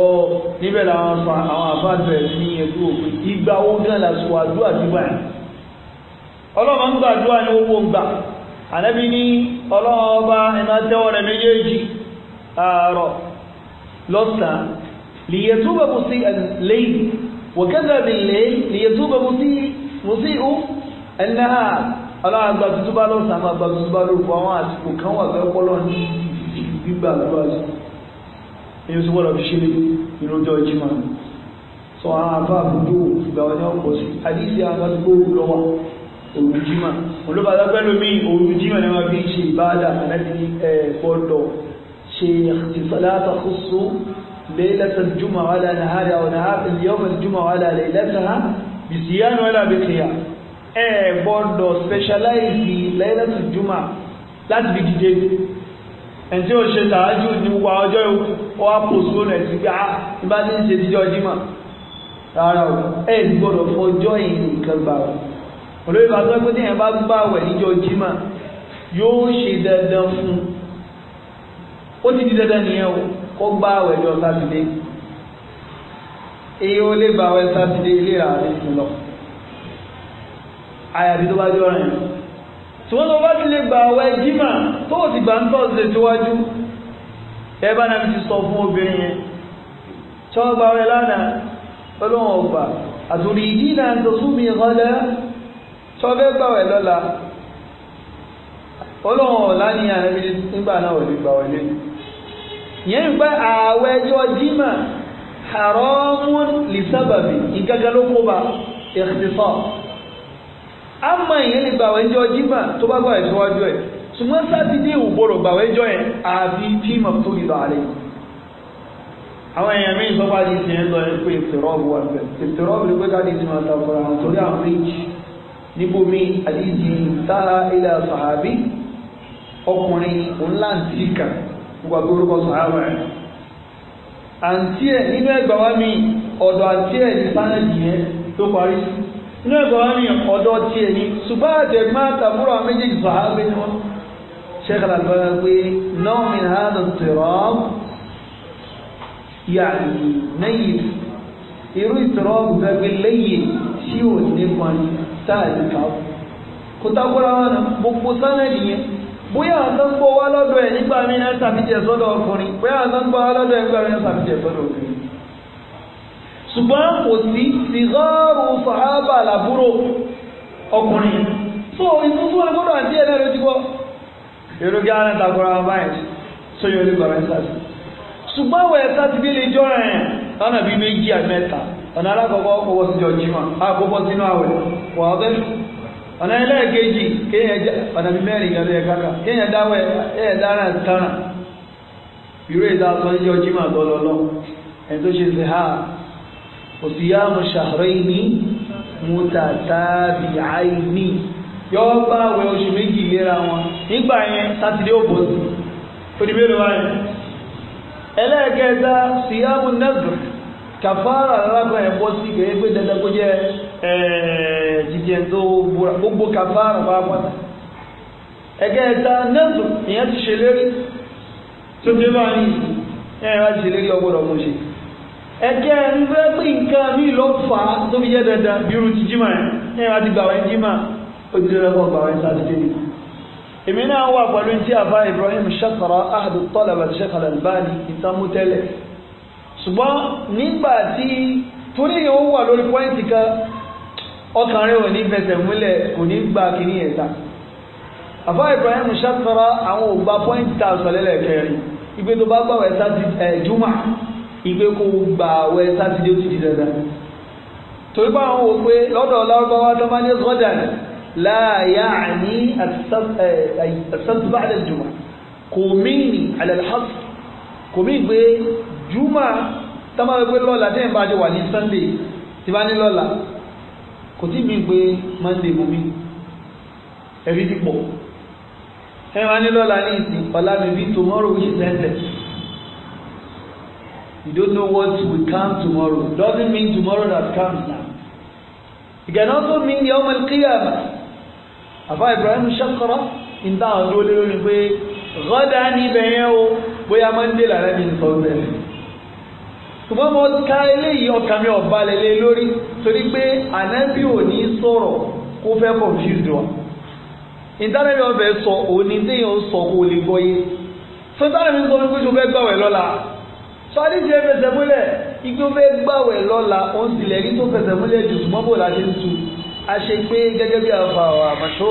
Speaker 2: ọ níbẹ̀ làwọn àfa àdúrà ní ẹdú òfin ìgbà wo gan làṣọ àdúrà ti báyìí ọlọ́mọ ń gbàdúrà ní owó ń gbà ànábì ní ọlọ́ọba ẹ̀mà tẹ́wọ́ rẹ̀ méjèèjì ààrọ̀ lọ́sàn lìyẹ̀túbà mú sí ẹ̀lẹ́yìn wọ̀kẹ́gbà bí lẹ́yìn lìyẹ̀túbà mú sí ú ẹ̀nàhà ọlọ́àgbà tuntun bá lọ́sàn máa gbà tuntun bá lórúkọ àwọn àsìkò kan wà fẹ́ pọ́lọ́ ní gbígbà lọ́wọ́ èyí tí wọ́n lọ sí àdíṣe àwọn àdúgbò lọ́wọ́ òru jimá olóbàdà pẹ̀lú mi òru jimá ni wọ́n fi ṣe ìbáàdà ànábi ẹ̀ gbọ́dọ̀ ṣe ìfọláta kóso ليلة الجمعة على نهارها ونهار اليوم الجمعة على ليلتها بصيام ولا بقيام ẹ gbọ́dọ̀ specialize lẹ́yìnlẹ́tù juma láti fi dìde ẹ̀ tí ó ṣe tààjú ní wà ọjọ́ ó wá pòsó rẹ̀ sí pé ah nígbà tí ń ṣe rárá o ẹ gbọ́dọ̀ gbà olóyè bá tó pé téèyàn bá gbà wẹ̀ níjọ́ jimá yóò ṣe dandan fún ó ti di dandan nìyẹn o kó gbà wẹ̀ lọ sátidé èyí ó lè gbà wẹ̀ sátidé ilé ààrẹ ti lọ àyàfi tó bá jọ rìn ṣùgbọ́n tó bá ti lè gbà wẹ̀ jimá tó ti gbà ń tọ́sílẹ̀ síwájú ẹ bá náà ti sọ fún obìnrin yẹn tí wọ́n gbà wẹ̀ lánàá ọlọ́wọ́n ọgbà àtòrí ìdí náà ń tọ́sùn mi rọ́lẹ́ sọfẹ́ gbàwẹ̀ lọ́la olóhùn ọ̀la ni ànábi nígbà náà ò lè gbà wọlé yẹn ń pẹ́ ààwẹ̀ ẹjọ́ jimá haramun lè sábàbí ìgágá ló kó ba ìṣẹ̀fọ́ àmọ́ ìyẹn lè gbàwẹ̀ ẹjọ́ jimá tó bá gbàwẹ̀ síwájú ẹ̀ ṣùgbọ́n sátidé ò gbọ́dọ̀ gbàwẹ̀ ẹjọ́ yẹn àfi tíìmọ̀ tó lè lọ àlẹ́ yìí àwọn èèyàn mí sọ́pàá di ti ẹ̀ lọ ẹ̀ pé ìfẹ̀rọ̀ wà bẹ̀ ìfẹ̀rọ̀ ọ̀bù pé ká di máa ta fọ́ra àwọn torí àwọn méjì níbomi àdíjì tára ilẹ̀ sàhábí ọkùnrin ńláǹtì kan gbogbo agbórúkọ sàhábà rẹ̀ àǹtí ẹ̀ nínú ẹgbà wá mi ọ̀dọ̀ àǹtí ẹ̀ ní sáàdì yẹn tó parí nínú ẹgbà wá mi ọ̀dọ̀ tí ẹ̀ ní ṣùgbọ́n àtẹ̀gbọ́n àtàbúrò àwọn méjèèjì sàhábí ni wọ́n ṣẹ́kà làgbára pé náà mi nà á tẹ̀rọ̀ yàrá nẹ́yìn irú gbẹgbẹ lẹ́yìn tí ò ní pọn sáàdì kan kò takora wọn nà gbogbo sánẹ́dì yẹn bóyá àtàn gbọ́ wá lọ́dọ̀ ẹ̀ nígbà mí náà sàfijẹ́ sọ́dọ̀ ọkùnrin bóyá àtàn gbọ́ wá lọ́dọ̀ ẹ̀ nígbà mí náà sàfijẹ́ sọ́dọ̀ ọkùnrin ṣùgbọ́n kò sí sìgáàrù sàhábà làbúrò ọkùnrin so ìtúntún wọn gbọ́dọ̀ àti ẹ̀rẹ́ ló ti gbọ́ èròjà ara takora wọn báyìí so yóò lè gbàgbé sáà ṣùgbọ́n wẹ̀ sátidé lè jọ́ra ẹ̀ lọ́nà bíi méjì àti mẹ́ta ọ̀nà alákọ̀ọ́kọ́ ọwọ́ síjọ jimá àkọ́kọ́ sínú àwẹ̀ wà ọ́bẹ̀ ọ̀nà ẹlẹ́ẹ̀kejì kéèyàn ọ̀nà mẹ́rin gan lóye káka kéèyàn dáwẹ̀ ẹ̀yẹ dára tánà ìró ìta sọ níjọ jimá lọ́lọ́lọ́ ẹni tó ṣe ṣe ha òsìyàmù ṣàhrẹ́ìní mùtàtàbíàìní kàfàrà alábà ẹ̀kọ́ sí kẹ́yẹ́ pé dandan kó jẹ́ jíjẹ tó búra gbogbo kàfàrà bá pàtà ẹgẹ́ ẹ̀ta nẹ́ẹ̀tù ìyẹn ti ṣe lérí tó dé bá ní ẹ̀yẹn láti ṣe lérí ọgbọ́dọ̀ mú ṣe ẹgẹ́ ẹ̀ńfẹ́ pé nǹkan mi lọ fà á tó fi jẹ́ dandan bí irú ti jímà ẹ̀yẹn láti gbà wẹ́ jímà ó ti dẹ́rẹ́ kọ́ gbà wẹ́ sátidé ni èmi náà wà pẹ̀lú tí àbá Ibrahim Shakara ahadu tọ́lá bàtí Shakara Albani ìtàmútẹ́lẹ̀ ṣùgbọ́n nígbà tí torí yẹn ó wà lórí pọ́ìntì kan ọkàn rẹ̀ ò ní fẹsẹ̀ múlẹ̀ kò ní gba kìíní ẹ̀ta àfáà Ibrahim ṣàtọ́ra àwọn ògbà pọ́ìntì tá a sọ lẹ́lẹ̀ kẹrin ìgbé tó bá gbàwẹ̀ sátidé jùmọ̀ ìgbé kó gbàwẹ̀ sátidé ó ti di dandan torí bá àwọn wò pé lọ́dọ̀ lárúbáwá tó máa ní sọ́dàn láàyà ní àtúntò bá àdàjùmọ̀ kò mí ní àdàlhàf kò mí gbé Juma, tọ́mọ pé lọ́la tí ìbá jọ wà ní sunday tí bá ní lọ́la kò tí mi pé monday mo mi ẹbí ti pọ̀ ẹ máa ní lọ́la ní ìsìn ọ̀la tomorrow which is endless you don't know what will come tomorrow doesn't mean tomorrow that comes now it can also mean yawm al-qiyamah àfa ibrahim ṣakara ìdáhùn lórí pé ghadan níbẹ̀ yẹn o bóyá monday làrá mi ń sọ bẹ́ẹ̀ ṣùgbọ́n mo ká eléyìí ọkàn mi ọ̀bá lẹ́lẹ́ lórí torí pé ànábì ò ní sọ̀rọ̀ kó fẹ́ confuse wa ìdánilẹ́bí ọbẹ̀ sọ òní téèyàn ń sọ kó lè gbọ́ yé fún ìdánilẹ́bí ń sọ fún kúṣù fẹ́ gbàwẹ̀ lọ́la sọ́ọ́dí ti fẹsẹ̀ múlẹ̀ igbó fẹ́ gbàwẹ̀ lọ́la òun sì lẹ́rí tó fẹsẹ̀ múlẹ̀ jù ṣùgbọ́n bò láti ń tu a ṣe pé gẹ́gẹ́ bí àfàwà àmàṣó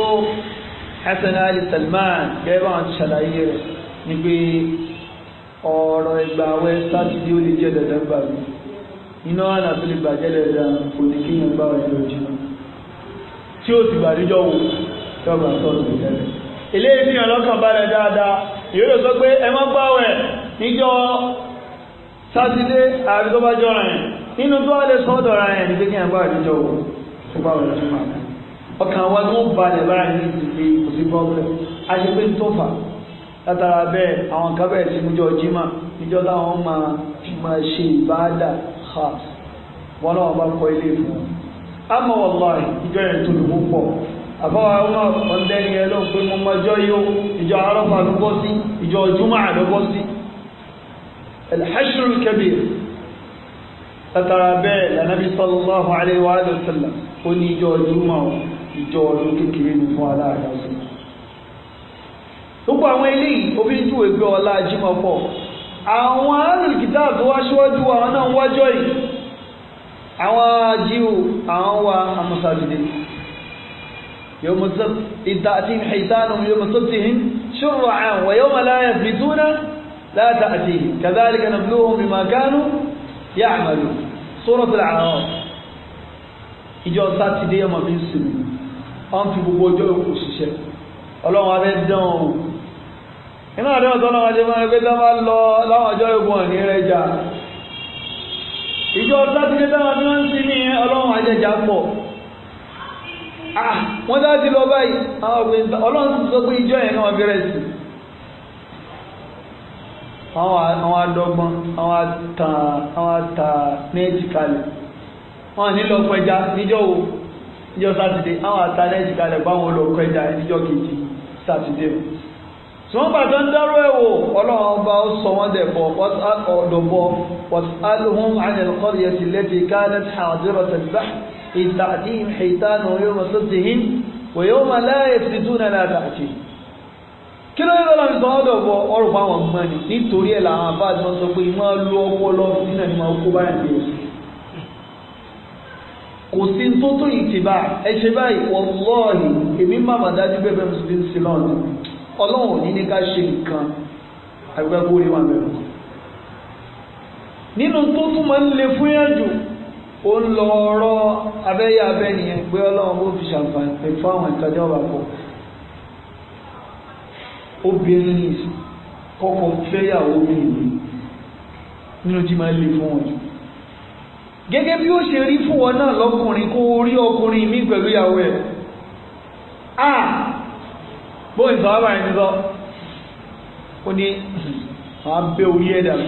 Speaker 2: Hasan Ali Salman gẹ́gẹ́ bá wọn ti ṣàlàyé rẹ̀ ni pé ọ̀rọ̀ ìgbà àwẹ̀ sátidé ó lè jẹ́ dandan gbà mí iná àlà tó lè bàjẹ́ dandan kò ní kí yẹn bá ọ̀rẹ́ lójú tí ó sì gbàdújọ́ wò tọ́gbà sọ̀rọ̀ mi tẹ́lẹ̀. eléyìí ní ọlọ́kàn balẹ̀ dáadáa èyí ló sọ pé ẹ má gbà àwẹ̀ níjọ́ sátidé àbí tó bá jọ rẹ̀ nínú tó wà lè sọ ọ̀dọ̀ ra ẹ̀ ní kí yẹn bá ọ̀rẹ́jọ́ wò tó bá ọ̀rẹ́ tó máa ọkàn wa tó balẹ̀ báyìí ní ìdílé kò sí bọ́ọ̀lù àṣepé tó fà á látara bẹ́ẹ̀ àwọn kan bẹ̀rẹ̀ sí mújọ jimá níjọ́ táwọn máa fi máa ṣe ìbáàdà ha wọn náà bá kọ ilé fún wọn. àmọ́ wàláhì ìjọ yẹn tó lù púpọ̀ àbáwá wọn ọ̀dẹ́ni ẹ ló ń pè mọ́ ọjọ́ yìí ó ìjọ arọ́fà ló bọ́ sí ìjọ jumá ló bọ́ sí. alḥashrul kabir látara bẹ́ẹ̀ lànàbí sallallahu alayhi wa sallam ó ní ìjọ jumá ìjọ ọdún kékeré ní fún aláàdáṣe gbogbo àwọn eléyìí òfin tù ẹgbẹ́ ọlá ajímọ̀ pọ̀ àwọn alùkìtà tó wá síwájú àwọn náà wájọ́ yìí àwọn jíù àwọn wa amúsàdìdì yóò mú sọ ìdáàtì ìdáàtì yóò mú sọ ti hìn ṣòro àwọn wà yóò mọ̀ láyà fìtúnà láta àti kàzálìkà nà blóhùn bí màkánú yá àmàlù sórọ̀ tó làárọ̀ ìjọ sátidé ọmọ mi sùn ọ̀n fi gbogbo ọjọ́ òkú ṣiṣẹ́ ọlọ́run abẹ́ dán o iná àdé ọ̀tọ́ náà wájú máa ń pé tán bá lọ láwọn ọjọ́ ìgbọ̀n ní rẹ̀ jà ìjọ sátidé táwọn tí wọ́n ń sin ní ọlọ́run àjẹjà pọ̀ ah, wọ́n dá ti lọ báyìí àwọn ọ̀gbìn ọlọ́run sì sọ pé ìjọ yẹn náà bẹ̀rẹ̀ sí àwọn adọ́gbọ́n àwọn àtàn àwọn àtàn méjì kalẹ̀ wọ́n nílọ pẹja níjọ́ wo níjọ́ sátidé àwọn àtàn méjì kalẹ̀ báwọn lọ pẹja níjọ́ kejì sátidé o tí wọ́n gbàtọ́ ń dárò ẹ̀wò ọlọ́run bá ó sọ wọ́n dẹ̀bọ̀ ọ̀dọ̀bọ̀ wàtálùhún àyẹ̀lẹ́kọ́rìyẹ ti lẹ́tì káàdẹ́tì àdúrà tẹ̀gbà ìtàdín ìtànà yóò mọ̀ sọ́tìhín wòye ó máa láyé sí túnà lára àti kí ló ń lọ́la fi sọ ọ̀dọ̀bọ̀ ọrùn fún àwọn ọmọ ni nítorí ẹ̀ làwọn àbá àti sọ pé máa lo ọpọlọ nínà ni máa kó ọlọ́run ní ní ká ṣe nǹkan àgbẹ̀gbẹ̀ orí wọn bẹ̀rẹ̀ nínú tó tún máa ń le fún yẹn jù ó ń lọ ọ̀rọ̀ abẹ́yà abẹ́nìyẹn pé ọlọ́run ó fi ṣàǹfààní fún àwọn ìtọ́jú ọ̀bà pọ̀ obìnrin kọ́kọ́ fẹ́yàwó mi nínú tí máa ń le fún wọn jù gẹ́gẹ́ bí ó ṣe rí fún wọn náà lọ́kùnrin kó rí ọkùnrin mi pẹ̀lú ìyàwó ẹ̀ ah! bóyá sọ wábà yẹn ti sọ ó ní àwọn abẹ́ orí ẹ̀ dànù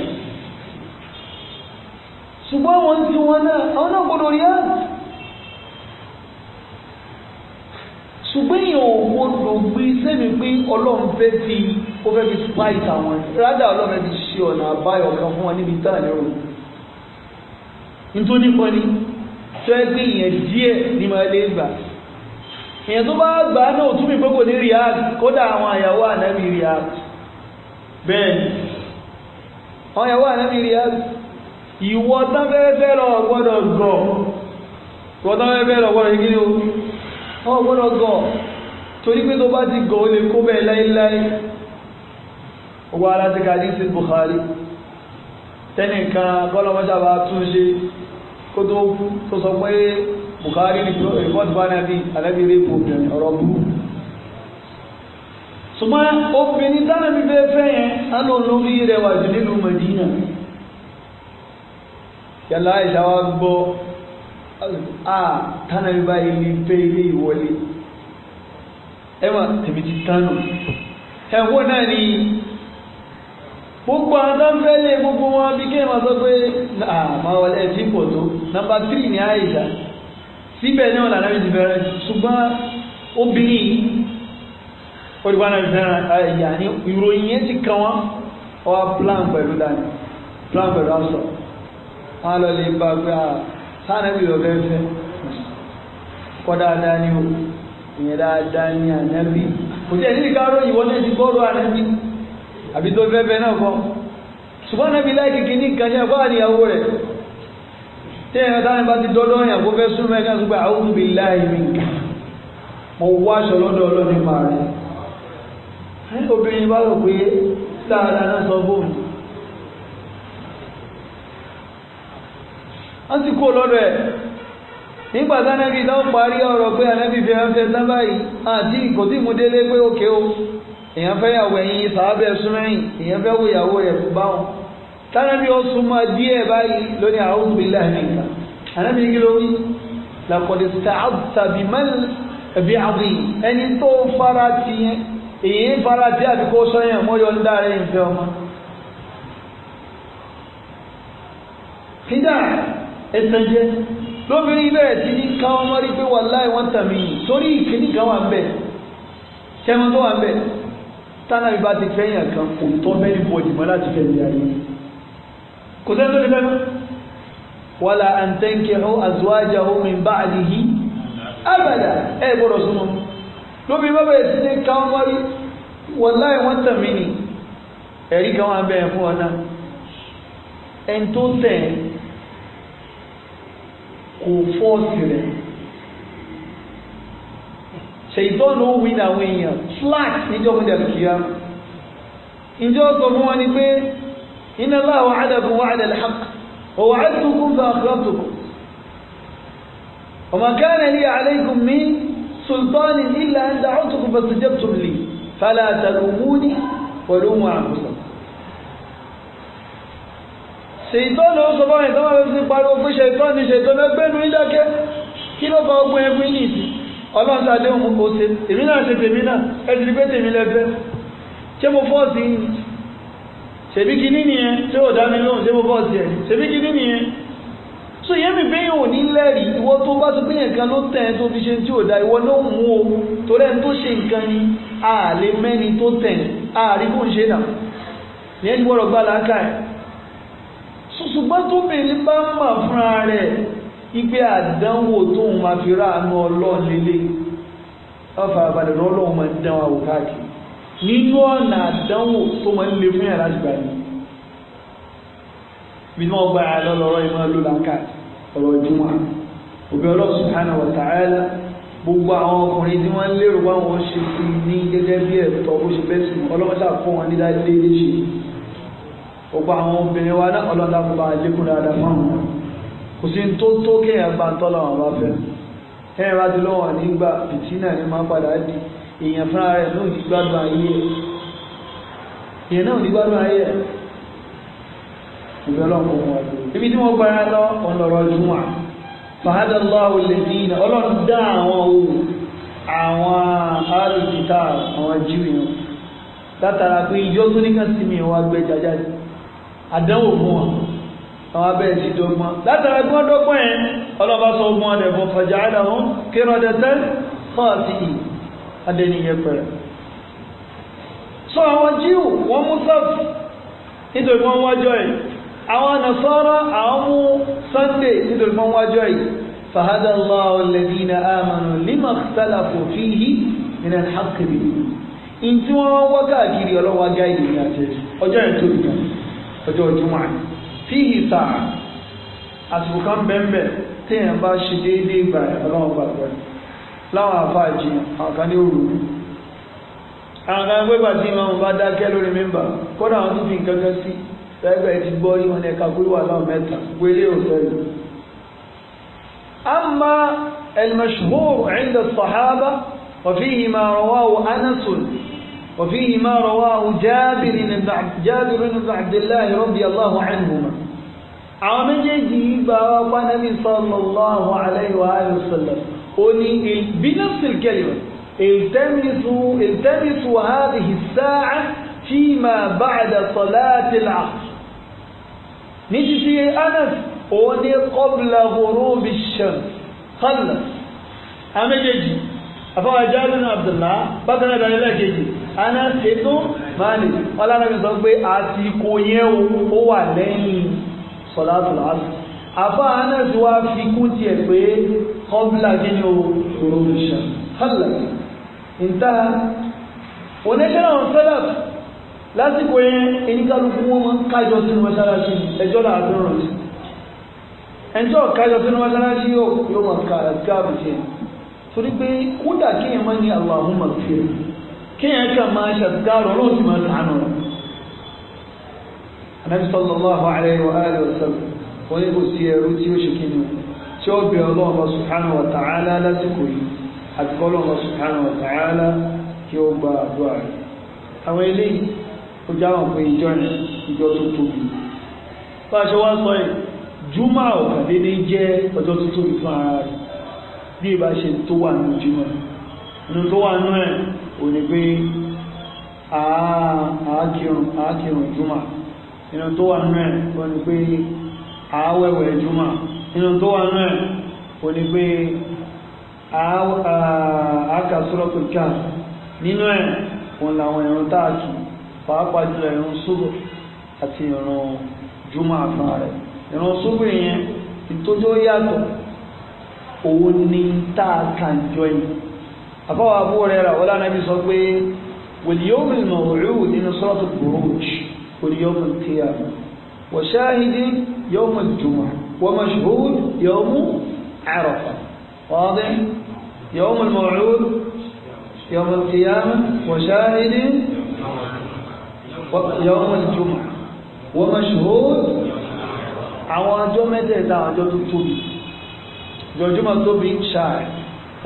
Speaker 2: ṣùgbọ́n wọn ti wọn náà àwọn náà gbọdọ̀ rí ẹ̀ ṣùgbọ́n èèyàn ò gbọdọ̀ gbé sẹ́mi pé ọlọ́run fẹ́ fi ó fẹ́ fi spite àwọn rádà ọlọ́run fẹ́ ṣe ọ̀nà àbáyọ kan fún wọn níbi tá à lérò nítorí kan ni fẹ́ díẹ̀ ní máa lé gbà èyàn tó bá gbà á náà túnbí pé kò ní react kódà àwọn àyàwó ànábì react bẹ́ẹ̀ àwọn àyàwó ànábì react ìwọ tán fẹ́fẹ́ lọ gbọ́dọ̀ gọ̀ ìwọ tán fẹ́fẹ́ lọ gbọ́dọ̀ kí ni o ọ gbọ́dọ̀ gọ̀ torí pé tó bá ti gọ̀ ó kó bẹ́ẹ̀ láíláí Bukhari report eh, bá nàbí alábìrì ipò obìnrin ọ̀rọ̀ burú. ṣùgbọ́n obìnrin dáná bí bẹ́ẹ̀ fẹ́ yẹn alóòlórí rẹ̀ wà jù nílùú Madina yàrá ìdáwà gbọ́ a tánà bí bá ilé fẹ́ ilé ìwọlé ẹwà tèmi ti tánà ẹ̀wọ́ náà ni gbogbo àtàǹfẹ́lẹ̀ gbogbo wọn bí kéèmà sọ pé àmà wọlé pọ̀ tó nàmbà tírì ní àìsàn níbẹ̀ náà lànà mi ti bẹ̀rẹ̀ ṣùgbọ́n obìnrin yìí ó ti bá náà fẹ́ràn ẹ̀yà ní ìròyìn yẹn ti kàn wọ́n wá plan pẹ̀lú dání plan pẹ̀lú aṣọ wọn lọ lè bá gbé a sáà bí lọ fẹ́ẹ́ kọ́ dáadáa ní tí ẹ̀yàn táwọn bá ti dọ́dọ́ yàn kó fẹ́ súnmọ́ ẹ̀ka ṣùgbọ́n àwọn òbí láì mí mo wá aṣọ lọ́dọ̀ ọlọ́run nípa rẹ̀ obìnrin bá rò pé dáadáa náà sọ bóun wọ́n ti kó lọ́dọ̀ ẹ̀ nígbà tánẹ́bí tó parí ọ̀rọ̀ pé ànẹ́bí fi ránṣẹ́ tán báyìí àti kò tí mú délé pé òkè o èèyàn fẹ́ yàwó ẹ̀yìn sàábẹ̀ súnmẹ́yìn èèyàn fẹ́ wo ìyàwó rẹ̀ báwọn tánàbí ó súnmọ́ díẹ̀ báyìí lónìí a'udhu billahi minka ànábì ní kí lórí laqad ista'adhta biman bi'adhi ẹni tó fara ti yẹn èyí fara ti àbíkó sọ́yìn mọ́yọ́ ń dáre ìfẹ́ ọmọ fídà ẹsẹ̀ jẹ́ lóbìnrin bẹ̀rẹ̀ sí ní ká wọn mọ́ rí pé wallahi wọ́n tàmí kan wà ń bẹ̀ ṣẹ́wọ́n tó wà ń bẹ̀ tánàbí bá ti fẹ́yìn kan kò tọ́ bẹ́ẹ̀ ní bọ́ọ̀dì mọ́ láti fẹ́ ní ayé kò sẹ́ni tó lè fẹ́ mọ́ wàlà àǹtẹ̀ǹkẹ̀hó àzúwájàhó min ba'dihi abada ẹ̀ gbọ́dọ̀ súnmọ́ lóbi bá bẹ̀rẹ̀ sí ní káwọn wáyé wàláì wọ́n tẹ̀mí ni ẹ̀rí kan wà bẹ́ẹ̀ fún ọ̀nà ẹni tó tẹ̀ kò fọ́ọ̀sì rẹ̀ ṣèyítọ́nù ó wí àwọn èèyàn slack níjọ́ fún ìdàkìyà ìjọ sọ fún wọn ni pé إن الله وعدكم وعد الحق ووعدتكم فأخلفتكم وما كان لي عليكم من سلطان إلا أن دعوتكم فاستجبتم لي فلا تلوموني ولوموا أنفسكم ṣèyítọ́nù ó sọ báyìí tọ́wọ́ fi pariwo pé ṣèyítọ́nù ṣèyítọ́nù ẹgbẹ́nu ìdákẹ́ kí ló fa ogun ẹgbẹ́ ní ìdí ọlọ́run tàbí òun kò ṣe èmi náà ṣe tèmi náà ẹ ti rí pé tèmi lẹ́fẹ́ ṣé mo fọ́ọ̀sì yìí ṣèbí kíní nìyẹn ṣé ò dáni lóhùn ṣé mo bọ́ sí ẹ̀ ṣèbí kíní nìyẹn so yẹ́n mi pé yóò ní lẹ́rìí ìwọ tó bá sọ pé nǹkan ló tẹ̀ tó fi ṣe tí ò da ìwọ ló mú o torí ẹni tó ṣe nǹkan ni a lè mẹ́ni tó tẹ̀ ààrí kò ń ṣe nà yẹn gbọ́dọ̀ gbá làákà ẹ̀ ṣùgbọ́n tó bèèrè bá ń mà fúnra rẹ̀ ipe àdánwò tóun máa fi ráàánú ọlọ́ọ̀lélẹ̀ ọ̀fà àbàlẹ̀ lọ́lọ́ọ̀ máa dán wa wò nínú ọ̀nà àdánwò tó máa ń le fún yàrá ìgbà ni bí wọ́n gba àlọ́ lọ́rọ́ ìmọ̀ ló láǹkà ọ̀rọ̀ ìjùmọ̀ òbí ọlọ́run subhanahu wa gbogbo àwọn ọkùnrin tí wọ́n lérò wá wọn ṣe sí ní gẹ́gẹ́ bí ẹ̀tọ́ bó ṣe sùn fún wọn ní dáadé àwọn obìnrin wa náà ọlọ́dà lékún dáadáa fún kò sí tó tó kéèyàn gbà ń èèyàn fúnra rẹ̀ ló ti gbádùn ayé èèyàn náà ti gbádùn ayé ẹ̀ ìbẹ̀rẹ̀ ọkọ̀ wọn. ibi tí wọ́n gbára lọ ọ̀nọ̀rọ̀ ìdúnwà fàhádà lọ́wọ́ lèdí iná ọlọ́run dá àwọn ohun àwọn alùpùpù àwọn jíwìyàn látara pé ìjọ tó ní kàn sí mi wọ́n gbé jaja àdánwò fún wọn àwọn abẹ́rẹ́ ti dọ́gbọ́n látara pé dọ́gbọ́n yẹn ọlọ́ba sọ ogun ọ̀dẹ̀ fún fàjà àdàwọn kéròdẹ̀tẹ́ fọ́ọ̀tì adẹniyẹpẹrẹ so àwọn jíù wọ́n mú sáàfù nítorí wọ́n wájọ́ ẹ̀ àwọn nasara àwọn mú sunday nítorí wọ́n wájọ́ ẹ̀ fahadà Allahu alladhina amanu lima ikhtalafu fihi min al-haqqi in tí wọ́n wá káàkiri ọlọ́wà gáìdì ní àti ọjọ́ ẹ̀ tó ìgbà ọjọ́ ìjùmọ̀ fihi sáà àsìkò kan bẹ́ẹ̀ bẹ́ẹ̀ téèyàn bá ṣe déédéé gbà ọlọ́wà gbàgbọ́ láwọn àfáàjì àkàn ní òru àwọn kan gbégbà tí wọn bá dákẹ́ lórí mímbà kódà wọn tún fi nǹkan kan sí ẹgbẹ́ ti gbọ́ rí wọn ní ẹ̀ka kúrò wà láwọn mẹ́ta wọlé òfẹ́ lọ. àmà المشهور عند الصحابة وفيه ما رواه أنس وفيه ما رواه جابر بن جابر بن عبد الله رضي الله عنهما عامل جديد بابا النبي صلى الله عليه وآله وسلم أني بنفس الكلمة التمسوا التمسوا هذه الساعة فيما بعد صلاة العصر نيجي في أنس أني قبل غروب الشمس خلص أما جيجي أفوى جابر بن عبد الله بكنا دليل جيجي أنا سيدو مالي ولا أنا بسبب أتيكو يو هو لين صلاة العصر أفا أنس وافي كنت يقول kọ́bílà gíní òòrùn ìṣà hálà ìta oníṣẹ́lẹ̀ sẹ́lẹ̀ lásìkò yẹn eníkàlùkù wọn máa ń kájọ sínú mọ́ṣáláṣí ẹjọ́ làádọ́rùn sí ẹjọ́ kájọ sínú mọ́ṣáláṣí yóò máa ka gáàbù sí ẹ torí pé kódà kéèyàn máa ní Allahumma fi kéèyàn kà máa ṣàtìkárọ̀ ọlọ́run sì máa sàánù rẹ̀ Ànábì sallallahu alaihi wa alihi wa sallam wọ́n ní kò sí ẹrú tí ó ṣe kí ni wọ́n tí ó bẹ ọlọ́run subhanahu wa ta'ala lásìkò yìí àti ọlọ́run subhanahu wa ta'ala kí ó gba àdúrà rẹ̀ àwọn eléyìí ó já wọn pé ìjọ ní ìjọ tó tóbi bá a ṣe wá sọ yìí júmọ́ ọ̀kàdé ní jẹ́ ọjọ́ tó tóbi fún ara rẹ̀ bí ìbá ṣe tó wà nínú júmọ́ nínú tó wà nínú ẹ̀ ò ní pé àákìrùn àákìrùn júmọ́ tó wà nínú ẹ̀ ò ní pé àáwẹ̀wẹ̀ júmọ́ nínú tó wà náà ò ní pé àákà sọ́rọ́tò ká nínú ẹ̀ òun làwọn ìrun táàkì pàápàá jùlọ ìrun sóbò àti ìrun júmọ̀ àfihàn rẹ̀ ìrun sóbò yẹn ìtọ́jú yàtọ̀ òun ni táàkà jọ yìí àbáwọ̀ abúrò rẹ̀ rà wọ́n lánàá bí sọ pé واليوم الموعود إن صلاة البروج واليوم القيامة وشاهد يوم الجمعة ومشهود يوم عرفة واضح يوم الموعود يوم القيامة وشاهد يوم الجمعة ومشهود àwọn ọjọ́ mẹ́tẹ̀ẹ̀ta ọjọ́ tó tóbi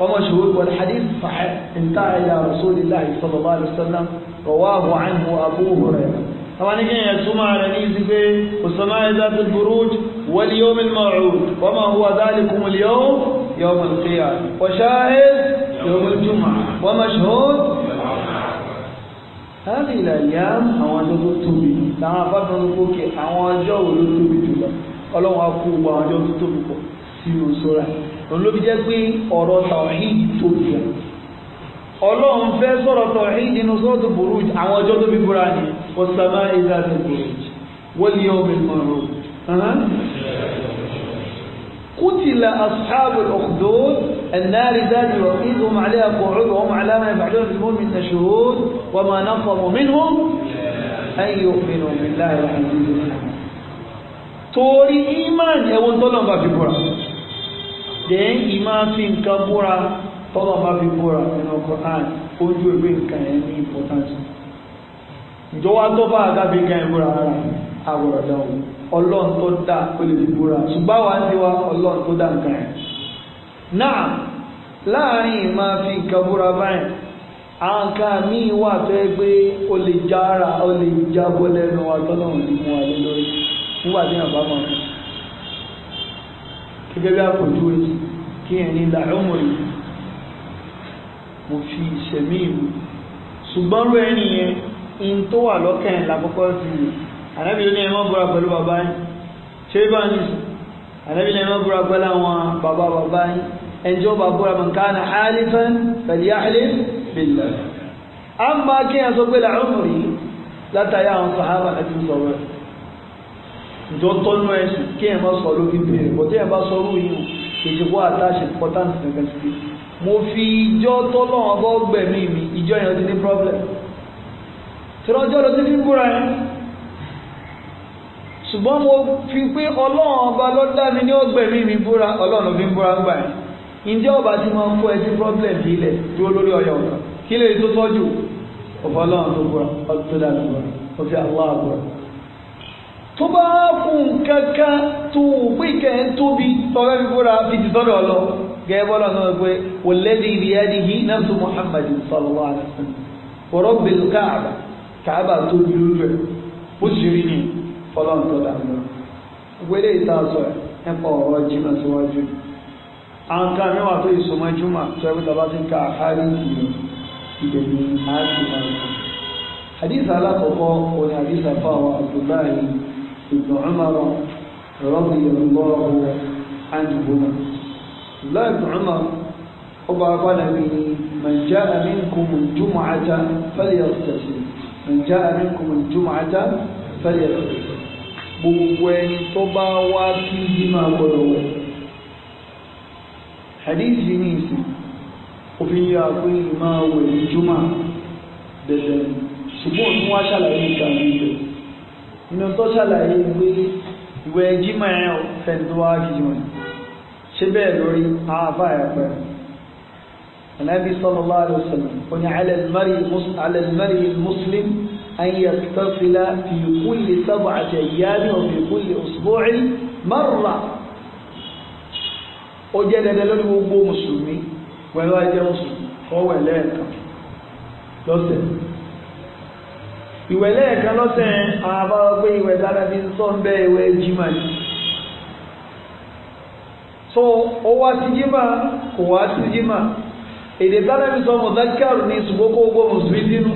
Speaker 2: ومشهود والحديث صحيح انتهى إلى رسول الله صلى الله عليه وسلم رواه عنه أبو هريرة طبعا كان يسمع على نيزي بيه والسماء ذات البروج واليوم الموعود وما هو ذلكم اليوم يوم القيامة وشاهد يوم الجمعة ومشهود هذه الأيام àwọn ọjọ́ tó tóbi làwọn afáfẹ́ ń kó kí àwọn ọjọ́ wo ló tóbi jùlọ ọlọ́run á kó gbogbo àwọn ọjọ́ tó tóbi pọ̀ sínú sóra òun ló fi jẹ́ pé ọ̀rọ̀ tawhid tóbi rẹ̀ ọlọ́run fẹ́ sọ̀rọ̀ tawhid nínú sọ́ọ̀tù buruj àwọn ọjọ́ tóbi búra ni ọ̀sàmá ìdá ti buruj wal
Speaker 1: yawmil ma'rud
Speaker 2: قتل أصحاب الأخدود النار ذات وقيدهم عليها قعود على ما يفعلون في المؤمن شهود وما نقموا منهم أن يؤمنوا بالله العزيز الحميد torí iman ẹ̀wọ̀n tọ́lọ̀ bá fi búra dẹ̀ iman fi nǹkan búra tọ́lọ̀ bá fi búra nínú Quran ojú ìwé nǹkan ẹ̀ ní importance ìjọwọ́ tó bá àgbà fi rárá àwòrán dáhùn ọlọ́run tó dá ó lè fi búra ṣùgbọ́n àwa ń tiwa ọlọ́run tó dá nǹkan yẹn. náà láàrin ìmọ̀ fi nǹkan búra báyìí àwọn nǹkan míì wà tó yẹ pé ó lè já ara ó lè jábọ́ lẹ́nu wa tọ́lọ́run ní mú wa lé lórí nígbà tí yàrá bá mọ̀ fún un gẹ́gẹ́ bí àpòjúwe kí ẹni làrúmọ̀rí mo fi ìṣẹ̀mí ìlú ṣùgbọ́n rú ẹni yẹn in tó wà lọ́kàn lákọ́kọ́ sí i ànábì ló ní ẹ má búra pẹ̀lú bàbá yín ṣé bá ní ànábì ní ẹ má búra pẹ̀lú àwọn bàbá bàbá yín ẹnjọ́ bá búra man kana halifan falyahlif billah á ń bá kí ẹ sọ pé làámùrí látàrí àwọn sàhábà àti sọ̀rọ̀ ìjọ tọ́nú ẹ̀sùn kí ẹ má sọ lórí bèrè bọ́tí ẹ bá sọ yìí ìṣèkó àtàṣe pọ́tàǹtì kankan ṣùgbọ́n mo fi pé ọlọ́run ọba lọ́dá mi ní ọgbẹ̀mí mi búra ọlọ́run fi ń búra gbà yìí ǹjẹ́ ọba ti máa ń kó ẹtí problem lílẹ̀ dúró lórí ọyọ ọ̀tọ̀ kí lè tó tọ́jú ọba ọlọ́run tó búra ọtún dàbí búra ó fi àwọn àbúra. tó bá kú nǹkan kan tó wù pé ìkẹ́ ń tóbi tọ́lá fi búra fi ti tọ́dọ̀ lọ gẹ́gẹ́ bọ́lá náà wọ́n pé wòlẹ́dì ìrìyàdì yìí náà tó Muhammad sallallahu alaihi wasallam rabbil Ka'aba Ka'aba tóbi lójú ẹ̀ ó sì rí nìyí fọlọ́n tó dà lọ wẹ́lẹ̀ ìta sọ nípa ọ̀rọ̀ jìnnà síwájú àwọn kan mẹ́wàá tó ìsọmọ jùmọ̀ tó ẹgbẹ́ tó bá ti ń ka àhárí ìlú ibẹ̀ ni a ti máa ń sọ hadith alákọ̀ọ́kọ́ òní hadith afáwọn abdullahi ibn umar rọ́bì ìrọ̀lọ́rọ̀ عنهما لا ابن عمر أبا نبي من جاء منكم من جاء منكم gbogbo ẹni tó bá wá kí jimá gbọdọ̀ wẹ̀ hadith yìí ní ìsìn òfin yà pé ìmá wẹ̀ ní jùmá dẹ̀dẹ̀ ṣùgbọ́n tí wọ́n ṣàlàyé ìgbà mi rẹ̀ nínú tó ṣàlàyé pé ìwẹ̀ jimá ẹ̀ fẹ́ni tó wá kí jimá ṣe bẹ́ẹ̀ lórí àáfà ẹ̀ pẹ̀lú. النبي صلى الله عليه وسلم قل على المرء أن يغتسل في كل سبعة أيام وفي كل أسبوع مرة ó jẹ́ dandan lórí gbogbo mùsùlùmí pẹ̀lú ajẹ́ mùsùlùmí fọwọ́ ẹ̀lẹ́ẹ̀kan lọ́sẹ̀ ìwẹ̀ lẹ́ẹ̀kan lọ́sẹ̀ àbáwọ̀ pé ìwẹ̀ dára bí sọ́ńbẹ́ ìwẹ̀ jimá ni so ó wá sí jimá kò wá sí jimá èdè dára bí sọ mọ̀dákàrù ní ṣùgbọ́n kó mùsùlùmí dínú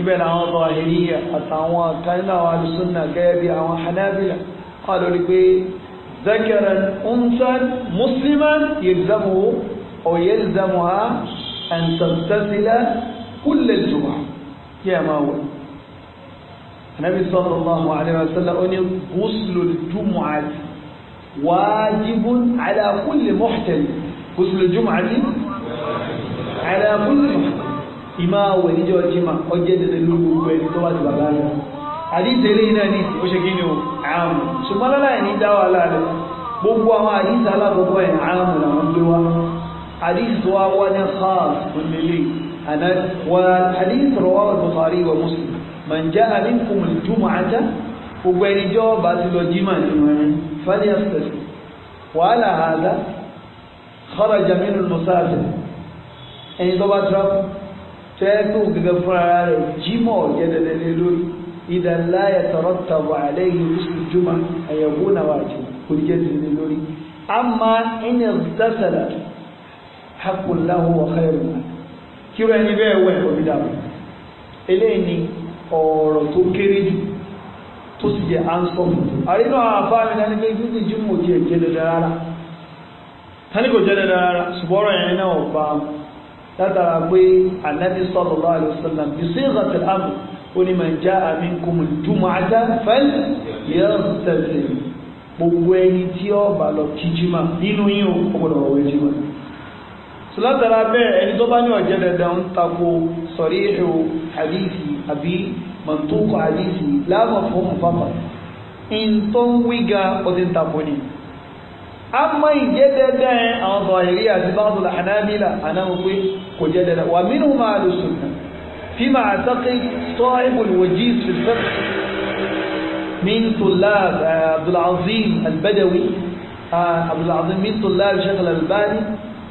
Speaker 2: ibẹ̀ làwọn Zahiriyya àtàwọn kanílà àwọn alùsùnà gẹ́gẹ́ bí àwọn Hanabila wà lórí pé zakaran unsan musliman yelzamu aw yelzamuha an taghtasila kulla al-jum'a kí ẹ máa wẹ̀ anabi sallallahu alayhi wa sallam ó ní gúúsùlù jumu'ati wajibun ala kulli muhtalim gúúsùlù jumu'ati ala ìmọ̀ àwẹ̀ níjọ́ jimá ọjẹ́ dandan ló gbogbo ẹni tó wà ti bàbá rẹ̀ àdìsẹ́ eléyìí náà ní ó ṣe kí ni o àmù ṣùgbọ́n láláì ní dá wà láàrẹ̀ gbogbo àwọn àdìsẹ́ alákọ̀ọ́kọ́ ẹ̀ àmù làwọn gbé wá àdìsẹ́ wa wá ní khas onílé àdìsẹ́ rọwà Bukhari wa Muslim man ja'a minkum al ẹni tó bá trapu tẹ́ẹ̀kù gẹ́gẹ́ fúnra rẹ̀ jímọ̀ jẹ́dẹ̀dẹ̀ lórí ìdàlá ẹ̀tọ̀rọ̀ tàbí àlẹ́yìn orísun jùmọ̀ àyẹ̀wò náà àti kò jẹ́dẹ̀dẹ̀ lórí amma ẹni ìdásàlà hakunláhùn ọ̀hẹ́rù kí wọ́n ẹni bẹ́ẹ̀ wẹ̀ omi dàbò eléyìí ni ọ̀rọ̀ tó kéré jù tó sì jẹ́ ansọ́ àrínú àfáàmì náà ní pé títí jímọ̀ jẹ́ jẹ́dẹ̀dẹ̀ rárá látara pé anabi sallallahu alaihi wasallam bisighat al-amr ó ní man jaa minkumul jumu'ata falyaghtasil gbogbo ẹni tí ó bá lọ kí jimá nínú yín ó gbọ́dọ̀ wọwé jimá sọlátara bẹ́ẹ̀ ẹni tó bá ní ọ̀jẹ́ dandan ń tako sọ̀ríhù hadithi àbí mọ̀tòkọ̀ hadithi láàmú fún ọ̀fàfà ń tó ń wí ọdún tako ni ama ìjẹ́ dẹ́dẹ́ àwọn zọ̀hìrí àti báwọn ànábílà anáwó pé kò jẹ́ dẹ́dẹ́ wà mínú máa lò sùnà fi máa tọ́kí sọ́ọ̀bùn wòjí sùfẹ́ min tulab eh, abdulazim albadawi ah, abdulazim min tulab sheikh albani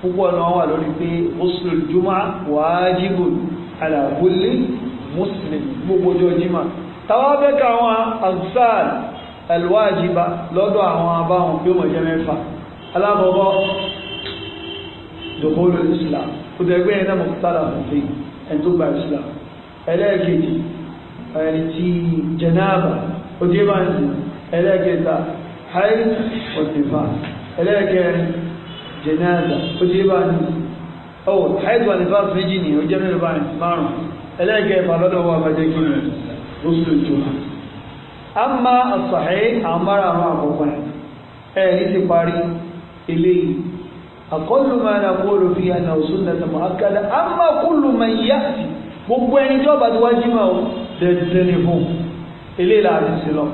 Speaker 2: púpọ̀ náà wà lórí pé usul juma wajibun ala kulli muslim gbogbo jọ jima tàwọn bẹ́ẹ̀ káwọn alwajiba lọ́dọ̀ àwọn abáhùn yóò mọ̀ jẹ́ mẹ́fà alábọ̀bọ̀ dòkóòrò islam ó dẹ̀gbẹ́ ẹ̀nà mọ̀kútàlà fòfin ẹni tó gba islam ẹlẹ́ẹ̀kejì ẹni tí jẹnáàbà ó dé máa ń sìn ẹlẹ́ẹ̀kẹta haid ọ̀tẹ̀fà ẹlẹ́ẹ̀kẹrin jẹnáàbà ó dé máa ń sìn ọwọ́ haid ọ̀tẹ̀fà méjì àmà àṣàhẹ́ àmàrà àwọn àkọ́kọ́ ẹ̀rí ti parí eléyìí àkọlù máa nà kó lò fi àná òsùn nà tàmà àkàdà àmà kúlù máa yá sí gbogbo ẹni tó bá ti wájú máa dẹ̀dẹ̀ ní fún eléyìí láti sí lọ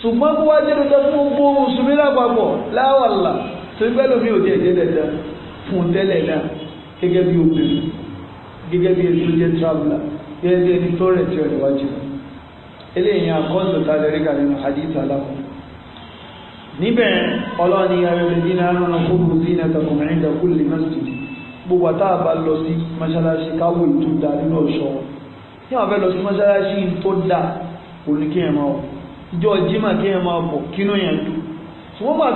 Speaker 2: ṣùgbọ́n bó wájú ló dẹ́kun gbogbo mùsùlùmí lápapọ̀ láwàlà tó ń gbẹ́lómi ò jẹ́ ìdẹ́ dẹ̀dẹ̀ fún tẹ́lẹ̀ náà gẹ́gẹ́ bí obìnrin gẹ́gẹ́ bí ẹni tó jẹ́ traveller gẹ́gẹ́ bí ẹni tó rẹ̀ tí ọ̀rẹ́ wájú náà eléyìí àkọ́sù tàbí nínú hadith aláwọ̀ níbẹ̀ ọlọ́ni arìnrìnà rán kúrò sí iná takùnmọ̀ ìdá kulli masjid gbogbo àtàà bá lọ sí mọ́ṣáláṣí káwò ìtú dá nínú ọ̀ṣọ́ tí wọ́n fẹ́ lọ sí mọ́ṣáláṣí tó dá òní kí ẹ̀ máa jọ jímà kí ẹ̀ máa bọ̀ kínú yẹn tú ṣùgbọ́n bá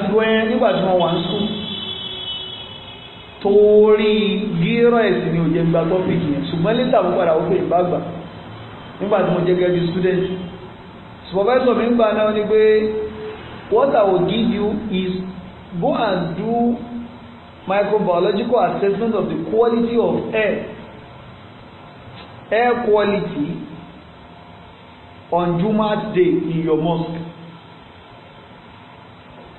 Speaker 2: tí wọ́n torí gírọ̀ ẹ̀sìn ni ò jẹ́ gba tọ́pìkì yẹn ṣùgbọ́n lẹ́tà mo padà wọ́pẹ́ ìbágbà nígbà tí mo jẹ́ gẹ́gẹ́ bí student supervisor mi ń gbà náà ni pé what I will give you is go and do microbiological assessment of the quality of air air quality on Jumat day in your mosque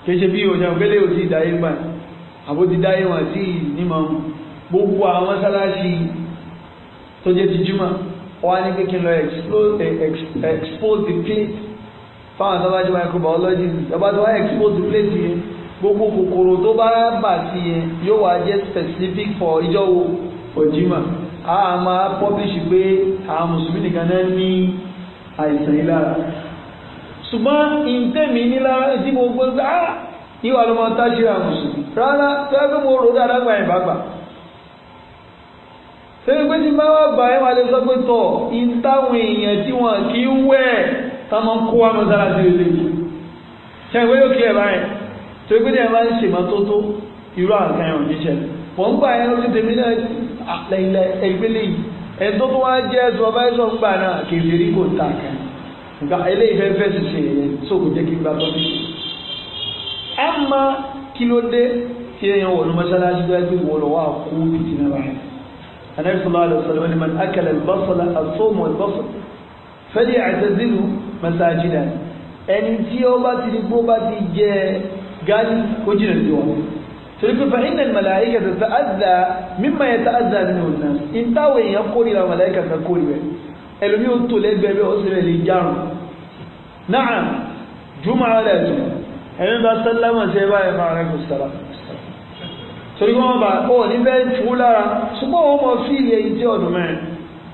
Speaker 2: kì í ṣe bí òṣèlú gbélé òsì ìdáyé báyìí àbótidáyé wọn sí nímọ̀ gbogbo àwọn mọ́sálásí tó jẹ́ ti jimá wọ́n á ní pé kí n lọ expose eh, the plate fáwọn tó microbiology ọba tó wá expose the plate yẹn gbogbo kòkòrò tó bá bà sí yẹn yóò wá jẹ́ specific for ìjọ́wò òjìmá a máa publish pé àwọn mùsùlùmí nìkan náà ní àìsàn ìlara ṣùgbọ́n ìtẹ̀mí nílára tí gbogbo gbà ah, ìwà ló máa tájú àwọn mùsùlùmí rárá fẹ́ẹ́ mo rò dáadáa gba ìbá gbà fẹ́ẹ́ pé tí máa wá gbà ẹ́ máa lè sọ pé tọ̀ ń táwọn èèyàn tí wọn kì í wẹ̀ tá máa ń kó wa mọ́sára sí ilé yìí ṣe ìwé yóò kí ẹ̀ báyìí tó pé ní ẹ̀ máa ń ṣèmọ́tótó irú àǹkan ẹ̀rùn wọ́n gbà ẹ́ lórí tèmi náà àlẹ́ilẹ̀ ẹgbẹ́lẹ́ yìí ẹ̀tọ́ tó wá jẹ́ supervisor gbà náà kèfèrí kò ta kan eléyìí fẹ́ fẹ́ sì ṣe ẹ̀yẹ sókò jẹ́ kí n gbà tọ́ ẹ mọ kí ló dé tí èèyàn wọ̀ ní mọ́ṣáláṣí bá gbé wọ́n lọ́wọ́ àkó títí náà báyìí anabi sallallahu alaihi wasallam ni man akala albasala asoma albasala fẹ́lẹ́ àtẹ́sílù masajida ẹni tí ó bá ti di gbó bá ti jẹ gáàlì kó jìnà sí wọn torípé fàhínà màláíkà tàtà àdá mímọ̀ yẹ tà àdá nínú ọ̀nà ìtawọ̀ èèyàn kórìíra màláíkà kan kórìíra ẹlòmí ó tó lẹ́gbẹ̀ẹ́ bẹ́ẹ̀ ó sì rẹ̀ lè járùn náà jùmọ̀ ara ẹ̀ ẹni bá sálámà sí ẹbá ẹ̀fà rẹ̀ kò sára torí wọ́n bá ó ní bẹ́ẹ̀ fún lára ṣùgbọ́n wọ́n mọ̀ fíìlì ẹ̀yìn tí ọ̀dùn mẹ́rin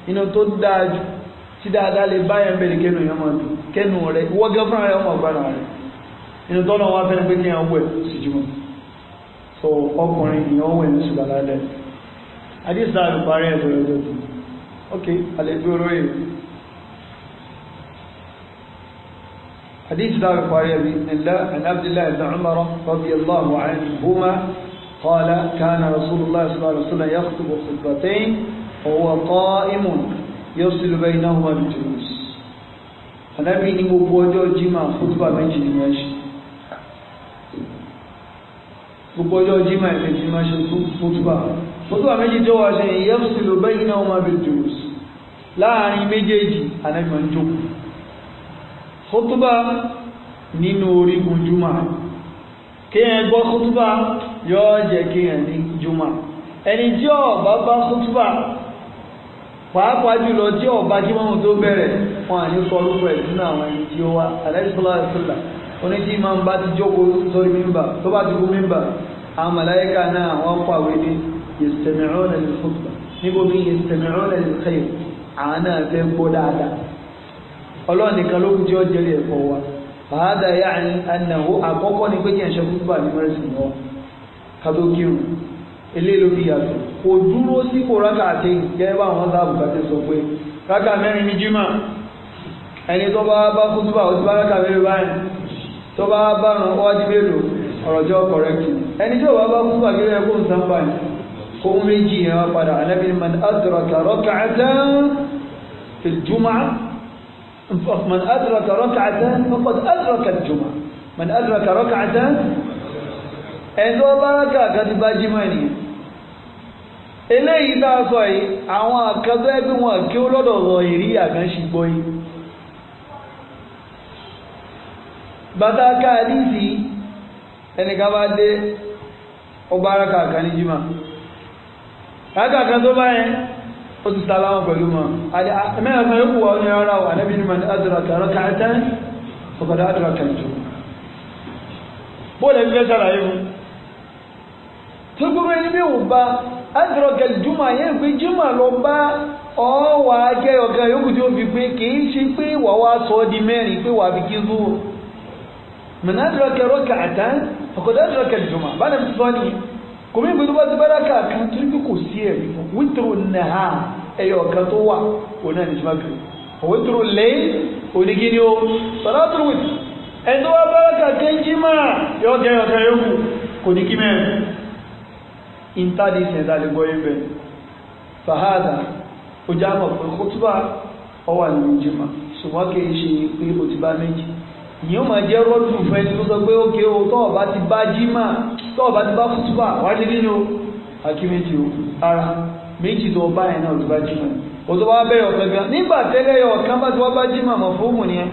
Speaker 2: inú tó dáa jù tí dáadáa lè bá yẹn bẹ̀rẹ̀ kẹnu yẹn máa dùn kẹnu rẹ̀ wọ́n gẹ́ fúnra rẹ̀ ọmọ ọ̀gbára rẹ̀ inú tọ́nà wá fẹ́ pé kí wọ́n wẹ̀ sí jùmọ̀ so ọkùnrin ìyẹn wẹ̀ ní ṣùgbọ́n lálẹ́ adé sáà lù parí ẹ̀ lórí ọjọ́ حديث لا البخاري بإذن الله عن عبد الله بن عمر رضي الله عنهما قال كان رسول الله صلى الله عليه وسلم يخطب خطبتين وهو قائم يصل بينهما بالجلوس Ànábì ní gbogbo ọjọ́ jimá fútbà méjì ni wọ́n ṣe gbogbo ọjọ́ jimá ìfẹ̀jì ni wọ́n ṣe fútbà fútbà méjì tó wà ṣe yẹ́fù sílò bẹ́yìn náà wọ́n máa bẹ̀rẹ̀ jùlọ láàrin méjèèjì Ànábì máa ń jókòó kótóbá nínú orígun jùmọ̀ kéèyàn gbọ́ kótóbá yóò jẹ́ kéèyàn ní jùmọ̀ ẹni tí ọba bá kótóbá pàápàá jùlọ tí ọba kí mọ́mú tó bẹ̀rẹ̀ wọn à ní sọ orúkọ ẹ̀ nínú àwọn ẹni tí ó wá aláìsílá àìsílá oní tí máa ń bá ti jókòó sórí mímbà tó bá ti kú mímbà àwọn màláyíkà náà wọ́n pàwé ní yestemi'una lil khutbah níbo bí yestemi'una lil khair àwọn náà fẹ́ gbọ́ dáadáa ọlọ́run nìkan ló kú tí ó jẹ́rìí ẹ̀kọ́ wa fàádà yá ànàwó àkọ́kọ́ ni pé kí ẹ̀ṣẹ́ kúrúbà ní mẹ́rẹ̀sì náà kàtó kírun ilé ló fi yàtọ̀ kò dúró sípò rákà àti gẹ́gẹ́ bá àwọn sáàbù kàtẹ́ sọ pé rákà mẹ́rin ní jímà ẹni tó bá bá kú túbà ó ti bá rákà mẹ́rin báyìí tó bá bá ràn ó wájú mélòó ọ̀rọ̀ jọ kọ̀rẹ́kì ẹni tó bá bá kú túbà kí lẹ́yìn kó ń sáńbà yìí kó ń méjì yẹn wá padà anábìrin man adraka raka'atan fil jumu'ah من أدرك ركعتان فقد أدرك الجمعة من أدرك ركعتان ẹ̀dọ́ báràkà àkàtì bá jí mọ́ ènìyàn eléyìí tá a sọ yìí àwọn àkàtọ́ ẹgbẹ́ wọn kí ó lọ́dọ̀ rọ èrí àkànṣe gbọ́ yìí bàtà káàdìsì ẹnìkan bá dé ọba báràkà àkànṣe jí mọ́ àkàkà tó ó ti sálámà pẹ̀lú wọn mẹ́rin kan yóò wọ ní ara wà níbi ní mọ̀ní adraka rak'ata faqad adraka jù bóòlù ẹgbẹ́ sàlàyé mu tó gbogbo ẹni bí wò bá adraka jùmọ̀ yẹn gbé jùmọ̀ lọ bá ọwà jẹ́ ọ̀gá yóò tí ó fi pé kìí ṣe pé wà wá sọ di mẹ́rin pé wà fi kí zuwò mọ̀nà adraka rak'ata faqad adraka jùmọ̀ kò mí gbé tó bá ti bá rákà kan tó ní kò sí ẹ̀rí fún wítìrò nàá ẹ̀yọ̀ kan tó wà òun náà ní ti má gbé wítìrò lẹ́yìn onígi ni ó sọ̀rọ̀ wìtì ẹ̀ tó bá bá rákà kan jí máa yọ kẹyọ̀ kan yóò kò ní kí mẹ́rin ìntàdí ìṣẹ̀dá lè gbọ́ ibẹ̀ fàhádà ó já mọ̀ pé kó túbà ọwà ní ìjìmá ṣùgbọ́n kì í ṣe pé ó ti bá méjì ìyẹn ó máa jẹ́ rọ́dù fún ẹni tó sọ pé ó ké o tọ́ọ̀ bá ti bá jímà tọ́ọ̀ bá ti bá kútùbà wá sí nínú akí o ara méjì tó bá yẹn náà ló bá jímà o tó bá bẹ̀rẹ̀ ọ̀kan gan nígbà tẹ́lẹ̀ yọ ọ̀kan bá ti wá bá jímà mọ̀ fún òmù nìyẹn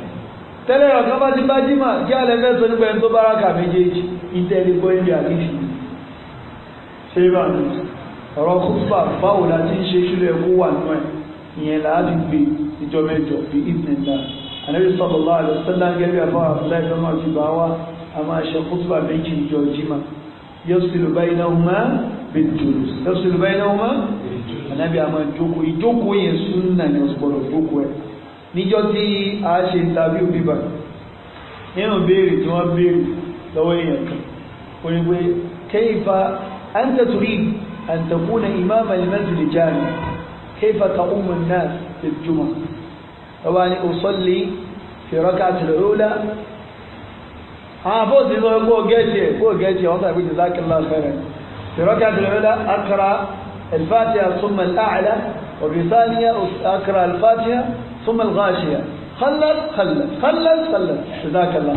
Speaker 2: tẹ́lẹ̀ yọ ọ̀kan bá ti bá jímà kí alẹ́ fẹ́ sọ nípa ẹni tó bá rákà méjèèjì ìtẹ́lẹ̀ gbọ́ ibi àkíyèsí ṣé bá ọ̀rọ̀ kútùbà báwo ànábì sallallahu alaihi wasallam gẹ́gẹ́ àfọ́ àfúláì tó máa fi bá wa a máa ṣe kútùbà méjì ìjọ jimá yasilu baynahuma bid-julus yasilu baynahuma ànábì a máa jókòó ìjókòó yẹn súnà ni ọ̀sùpọ̀lọ̀ jókòó ẹ̀ níjọ́ tí a ṣe tàbí òbí bá nínú béèrè tí wọ́n béèrè lọ́wọ́ èèyàn kan ó ní pé kayfa anta turid an takuna imama al-masjid jami kayfa طبعا أصلي في ركعة الأولى عفوز آه، إذا هو قاتي هو قاتي وضع أبو جزاك الله خيرا في ركعة الأولى أقرأ الفاتحة ثم الأعلى وفي ثانية أقرأ الفاتحة ثم الغاشية خلص خلص خلص خلص جزاك الله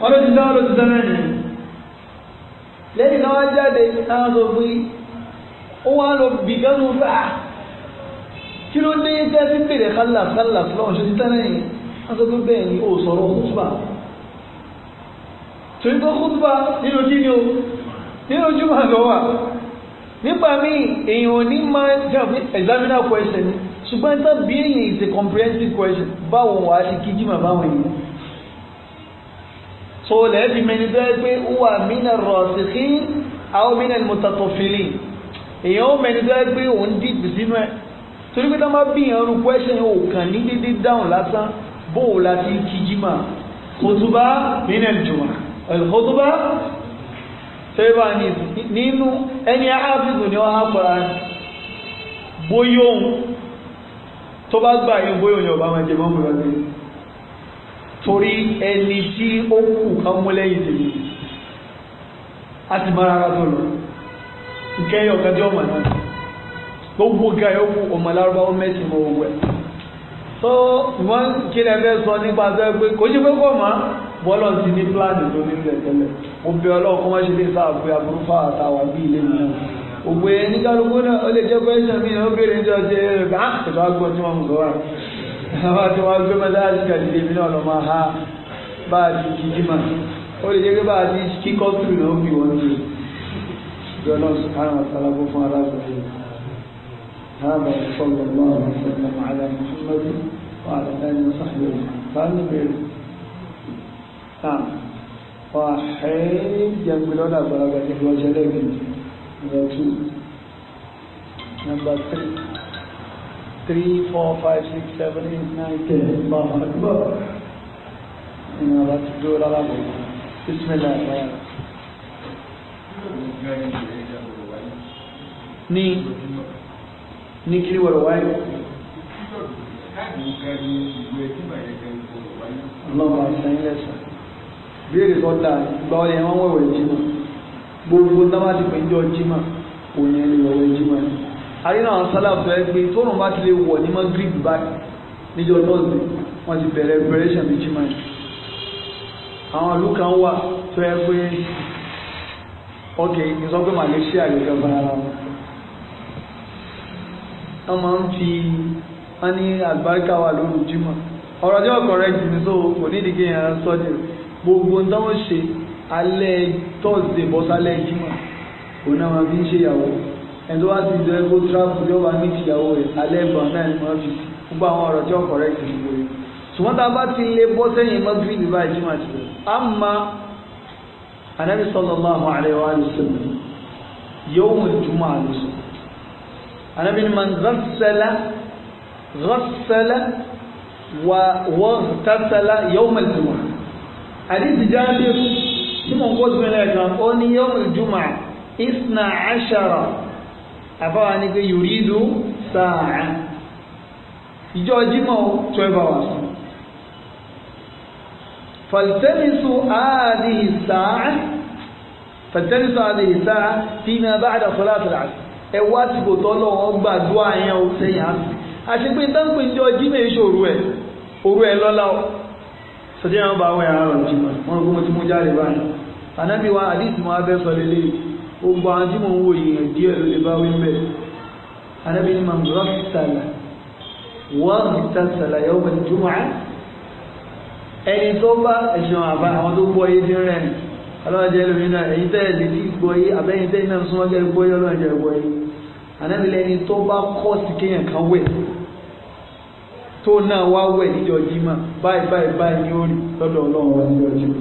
Speaker 2: خيرا دار الزمن لأنه أجاد أنه أظهر هو قال بقلبه kí ló dé jẹ́ sí bèrè kálà kálà lọ́wọ́ ṣe ti tẹ́lẹ̀ yìí wọ́n sọ pé bẹ́ẹ̀ ni ó sọ̀rọ̀ kútùbà torí pé kútùbà nínú kí ni o
Speaker 1: nínú jùmọ̀ lọ́wà
Speaker 2: nígbà míì èèyàn ní máa jẹ́ examiner question ni ṣùgbọ́n ẹ̀ta bí èèyàn is a comprehensive question báwo wà á ti kí jùmọ̀ báwọn èèyàn so lẹ́ẹ̀bí mẹni tó yẹ pé ó wà mínà rọ̀ọ̀sìkín àwọn mínà mọ̀tàtọ̀fìlì èèyàn ó mẹni tó pé òun dìbì sínú ẹ̀ torí pé tá bá bí yàn rúpọ̀ ẹ̀ṣẹ̀ ò kàn ní dédé dáhùn lásán bóò láti kíjí mà kòtùbá nínú ìjùmọ̀ ẹ̀lùkòtùbá tẹ́lẹ̀bá nínú ẹni áfíìsù ni wọ́n á kọ́ra bóyá òun tó bá gbà yín bóyá òun yóò bá máa jẹ mọ́ mọ́ lọ́dún torí ẹni tí ó kù kan mú lẹ́yìn tèmi a ti mọ́ra ara tó lọ nkẹ́yọ̀ kájọ́ mọ̀ náà gbogbo ga yòókù ọmọ lárúbáwọ́ mẹ́sìn mọ́ owó ẹ̀ tó wọ́n kílẹ̀ fẹ́ sọ nípa sọ pé kò sí pé kò mọ́ bọ́lọ̀ ti ní pílánì tó ní ilẹ̀ tẹ́lẹ̀ obìnrin ọlọ́run kọ́ máa ṣe lè sáà pé aburú fà àtàwà bí ilé mi náà ògbé ní kálukú náà ó lè jẹ́ pẹ́sàn mi ó bèèrè níjọ́ ṣe é rẹ̀ ah, bá ìbá gbọ́ tí wọn gbé mẹ́tàlásì kàdìdé ha bá a ti kìí mà ó lè jẹ́ pé bá a ti kíkọ́ tù náà ó bì wọ́n
Speaker 1: ní ìjọ náà sùkárà àtàlágbó fún aláàbò هذا صلى الله عليه وسلم على محمد وعلى آله وصحبه أجمعين قال نبيل نعم وحيد يقولون
Speaker 2: أبواب الوجلين number two number three three four five six seven eight nine ten الله إن الله تدور على بسم الله الرحمن الرحيم nikiri wala wayi
Speaker 1: ọlọ́run àìsàn ilẹ̀
Speaker 2: sàn béèrè sọ́ta ìgbà ọlẹ́ ẹ̀wọ̀n wẹ̀wẹ̀ jimá gbogbo dábàá ti pè ń jọ jimá òun ẹni wẹ̀wẹ̀ jimá ni àríwá àwọn sálàfẹ́ pé tóun bá ti lè wọ̀ ní magrib báyìí níjọ tọ́sídẹ̀ẹ́ wọ́n ti bẹ̀rẹ̀ preparation ní jimá ni àwọn ìlú kan wà tó yẹ pé ok ìsọgbẹ́ Malaysia yóò jọba ara wọn wọ́n máa ń fi wọ́n ní àlùbáríkà wà lóru jímọ̀ ọ̀rọ̀ ọjọ́ ọ̀kọ̀rẹ́ jù ní tó kò nídìí kí èèyàn sọ ní gbogbo nǹkan wọ́n ṣe alẹ́ tọ́sídẹ̀ bọ́sálẹ̀ jímọ̀ òun náà máa fi ń ṣèyàwó ẹni tó bá ti jẹ́ kó tíráàpù yóò bá ní tìyàwó rẹ̀ alẹ́ ìgbà náà ni wọ́n fi gbogbo àwọn ọ̀rọ̀ ọjọ́ ọ̀kọ̀rẹ́ jù sallallahu alaihi wa sallam yawmul أنا من غسل غسل واغتسل يوم الجمعة حديث جابر كما قلت من الأجمع يوم الجمعة اثنا عشر أفعل يريد ساعة يجوا جمعه 12 فالتمسوا هذه الساعة فالتمسوا هذه الساعة فيما بعد صلاة العصر ẹ wá síbò tọ́lọ́ wọn gbàdúrà yẹn o sẹ́yìn àfi àṣepé táǹpé ń jọ jímẹ̀ ìṣòro ẹ̀ òru ẹ̀ lọ́la o sọdí àwọn bá wọ ẹ̀rọ ọ̀rọ̀ jùmọ̀ wọn rò pé mo ti mú jáde báyìí ànábì wa àdìsí mo abẹ́ sọ lélẹ̀ gbogbo àwọn tí mò ń wò yìnyín díẹ̀ ló lè bá wí mbẹ́ ànábì ni màmú rọ́ọ̀tàlà wọ́n rọ́ọ̀tàlà yọ̀ọ́ ẹni tó bá ẹ̀sìn àbá àwọn tó gbọ́ yé dín rẹ̀ ọlọ́jẹ́ lómi náà ẹ̀yin tẹ́ lè ní gbọ́ yìí àbẹ́yìn tẹ́ iná súnmọ́ jẹ́ gbọ́ yìí ọlọ́jẹ́ gbọ́ yìí ànábìlẹ̀ ẹni tó bá kọ́ sí kéèyàn kan wẹ̀ tó náà wá wẹ̀ níjọ jimá báyìí báyìí báyìí ni ó rí lọ́dọ̀ ọlọ́run wá níjọ jimá.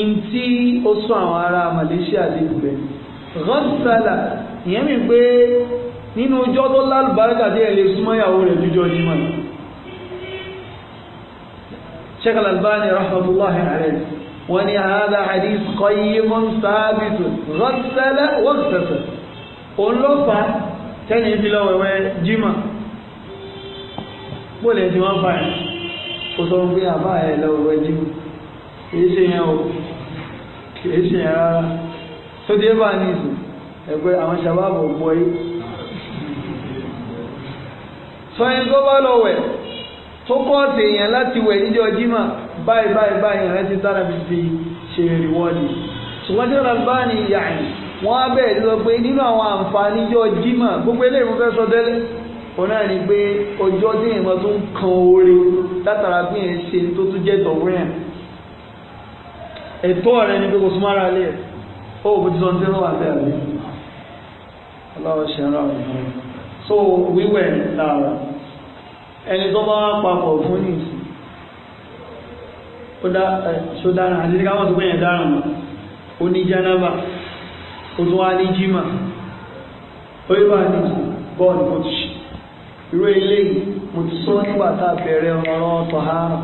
Speaker 2: ìntí ó sún àwọn ará Malaysia lè gbẹ rọ́sálà ìyẹn mi pé nínú ọjọ́ tó lálùbáríkà tí ẹ lè súnmọ́ ìyàwó rẹ̀ níjọ jimá Sheikh Al-Albani alayhi wọ́n ní àádá hadith qayyimun sabitun ghassala wọ́gbẹ̀sẹ̀ òun ló fà á tẹ́yìn fi lọ wẹ̀wẹ̀ jimá bóòlù ẹ̀sìn wọn fà ẹ̀ kó sọ pé àbá ẹ̀ lọ wẹ̀wẹ̀ jimá kìí ṣe yẹn o kìí ṣe yẹn rárá tó dé bá ní ìsìn ẹgbẹ́ àwọn ṣàbábọ̀ gbọ́ yìí sọyìn tó bá lọ wẹ̀ tó kọ́ ọ̀sẹ̀ yẹn láti wẹ̀ níjọ́ jimá báyìí báyìí báyìí rẹ ti tára fi fi ṣe rìwọ́ọ̀dì ṣùgbọ́n tí ọ̀rọ̀ bá ní yàrá wọn á bẹ̀rẹ̀ lọ pé nínú àwọn àǹfààní yọ jímọ̀ gbogbo eléyìí mo fẹ́ sọ tẹ́lẹ̀ òun náà ni pé ọjọ́ tí èèyàn tún kan oore látara bí èèyàn ṣe tó tún jẹ́ tọ̀wé yẹn ẹ̀tọ́ rẹ ni pé kò súnmọ́ ara lẹ̀ ó bó ti sọ ní tẹ́lẹ̀ wà bẹ́ẹ̀ mi ọlọ́run ṣe ń rà wọ́n so wíwẹ̀ lára ẹni tó bá papọ̀ fún nìyí ó dá ẹ ṣó dára àti ní káwọn tó pé yẹn dára mọ ó ní jánábà ó tún wá ní jimá ó yẹ bá ní bọ́ọ̀lù mo ti ṣe irú eléyìí mo ti sọ nígbà tá a bẹ̀rẹ̀ ọ̀rọ̀ tọ̀hárà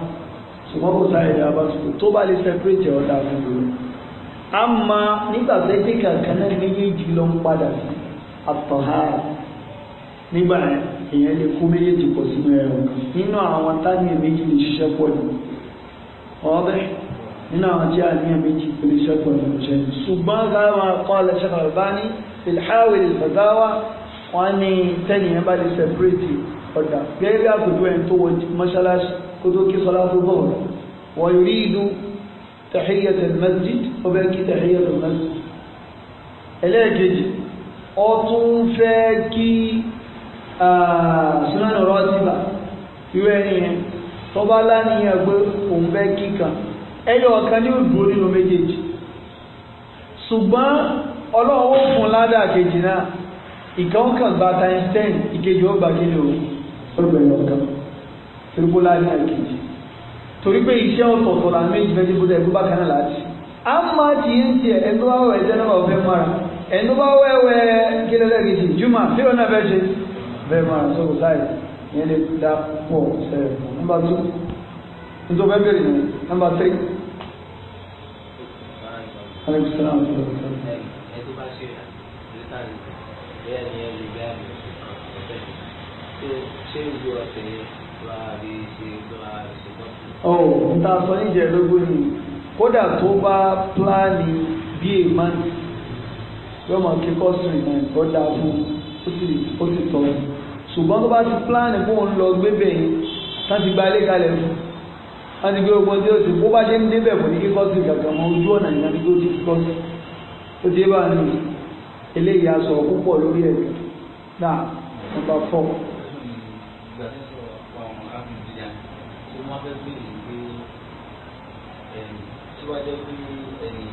Speaker 2: ṣùgbọ́n kò sáré ìdá bá sùn tó bá lè sẹpẹ́rẹ́tì ọ̀dà fún mi. a máa nígbà tó ẹgbẹ́ kankan náà méjèèjì lọ ń padà sí àtọ̀hárà nígbà yẹn èèyàn lè kó méjèèjì pọ̀ sínú ẹ̀rọ nínú àwọn táyà واضح هنا جاء نيمتي في الشك والمجهد سبحان كما قال الشيخ الألباني في الحاول الفتاوى وأني تاني يبالي سبريتي قلت جايب أكدو أن توت مثلا كدوك صلاة الظهر ويريد تحية المسجد وباكي تحية المسجد ẹlẹ́ẹ̀kejì ó tún fẹ́ kí sinanu rọ́ọ̀tìbà irú ẹni tọ́ba láníyàn pé òun fẹ́ kíkan ẹyọ ọ̀kan ní òdúró nínú méjèèjì ṣùgbọ́n ọlọ́run ó fún ládà kejì náà ìkan kan gba times ten ìkejì ó gbà kíni o ọgbẹ̀rún ọ̀kan torípó láníyàn kejì torí pé iṣẹ́ ọ̀tọ̀ọ̀tọ̀ là méjì fẹ́ dìbò dẹ̀ gbúgbà kan náà láti a máa ti ń tiẹ̀ ẹni tó bá wẹ̀ ẹ̀jẹ̀ náà ọ̀fẹ́ mara ẹni tó bá wẹ̀ wẹ̀ kílẹ̀ lẹ́gẹ̀ẹ́jì jùmọ̀ fíwọ́n yẹn lè dá pọ̀ sẹ́yìn nọ́mbà tó nítorí bẹ́ẹ̀ bẹ̀rẹ̀ yẹn nọ́mbà tẹ́ ọ̀ nta sọ níjẹ̀ lógún ni kódà tó bá pílánì bí èèmánì yọmọ kíkọ́ sùn ìmọ̀ ẹ̀kọ́ dáa fún ó sì tọ́ ṣùgbọ́n tó bá ti pláàni fún òun lọ gbébẹ̀ yìí láti gba ilé kalẹ̀ fún láti gbé ogun tí ó ti bó bá ṣe ń débẹ̀ kò ní kíkọ́ sí gàgà mọ ojú ọ̀nà ìyá tí ó ti kíkọ́ sí ó ti bá ní eléyìí aṣọ púpọ̀ lórí ẹ̀ náà nípa fọ́.
Speaker 1: síwájú pé ẹni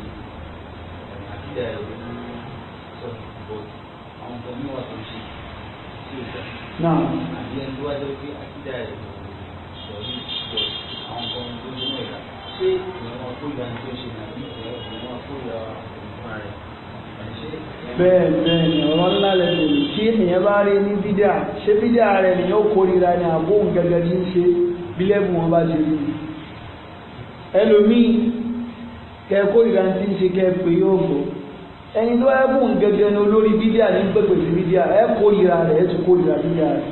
Speaker 1: àkídà ẹ̀rọ ní sọ̀rọ̀ bọ́ọ̀dù àwọn ọmọ mi wà tó ń ṣe náà. bẹ́ẹ̀ bẹ́ẹ̀ ni ọ̀rọ̀ ńlá rẹ̀ lè
Speaker 2: tí ènìyàn bá rí ní bídà ṣé bídà rẹ̀ ni ó kórira ni àbóhùn gẹ́gẹ́ ní í ṣe bí lẹ́bùn wọn bá ṣe rí ẹlòmíì kẹ́ kórira ti ń ṣe kẹ́ pé yóò gbọ́ ẹni tó ẹkùn gẹ́gẹ́ ní olórí bídíà ní gbẹ̀gbẹ̀ sí bídíà ẹ kórìíra rẹ̀ ẹ tún kórìíra bídíà rẹ̀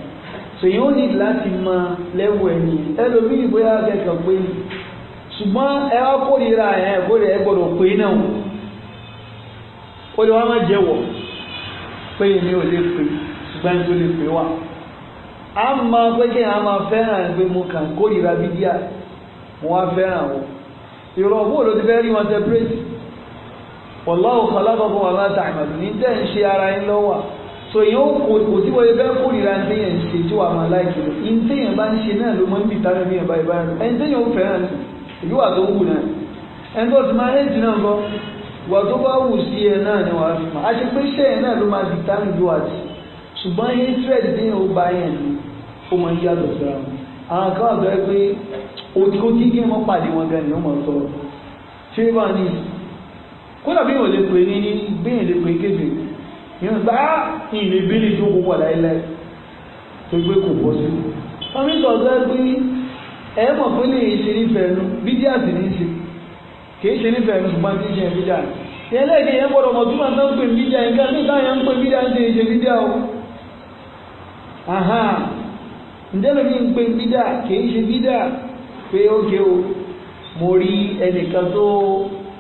Speaker 2: sèyí ó ní láti mọ lẹ́wọ̀ ẹ̀yìn ẹlòmíì bóyá kẹkàn pé ṣùgbọ́n ẹ wá kórìíra ẹ̀ kórìíra ẹ gbọ́dọ̀ pé náà ó lè wá má jẹ́wọ̀ pé èmi ò lè pè ṣùgbọ́n ẹni tó lè pè wá a máa pé kí a máa fẹ́ràn pé mo kàn kórìíra bídíà mo wá fẹ́ràn wọn ìrọ̀ bóòlù ti fẹ́ rí wọn separate wallahu khalaqakum wa ma ta'malun ní tẹ́ ń ṣe ara yín lọ́wọ́ so yóò kò kò tí wọ́n bẹ́ẹ̀ kórìíra ní tẹ́yẹ̀ ń ṣe tí wàá máa láìkì lọ ní tẹ́yẹ̀ bá ń ṣe náà ló máa ń bì tánà bí yẹn báyìí báyìí ẹni tẹ́yẹ̀ ó fẹ́ràn ìlú wà tó wù náà ẹni tó ti máa hẹ́jì náà lọ wà tó bá wù sí ẹ náà ni wàá fi máa àti pé ṣẹ́ ẹ náà ló máa bì tánà bí wàá ti ṣùgbọ́n hatred tẹ́yẹ̀ ó bá yẹn ni ó kódà bí wọ́n lè pè ní ní bíyàn lè pè kébè yóò gbá ìrìn ìbílẹ̀ tó kó wà láìláì tó gbé kò bọ́ sí wọ́n ní sọ̀tọ́ pé ẹ mọ̀ pé lè ṣe nífẹ̀ẹ́ nu bídíà sì ní ṣe kìí ṣe nífẹ̀ẹ́ nu ṣùgbọ́n tí ń ṣe bídíà ẹlẹ́ẹ̀kẹ́ yẹn gbọ́dọ̀ mọ̀ túmọ̀ tó ń pè bídíà nǹkan tí táyà ń pè bídíà ń ṣe ṣe bídíà o ǹjẹ́ lómi ń pè bídíà kìí ṣe bídíà pé ó gé o mo rí ẹnìkan tó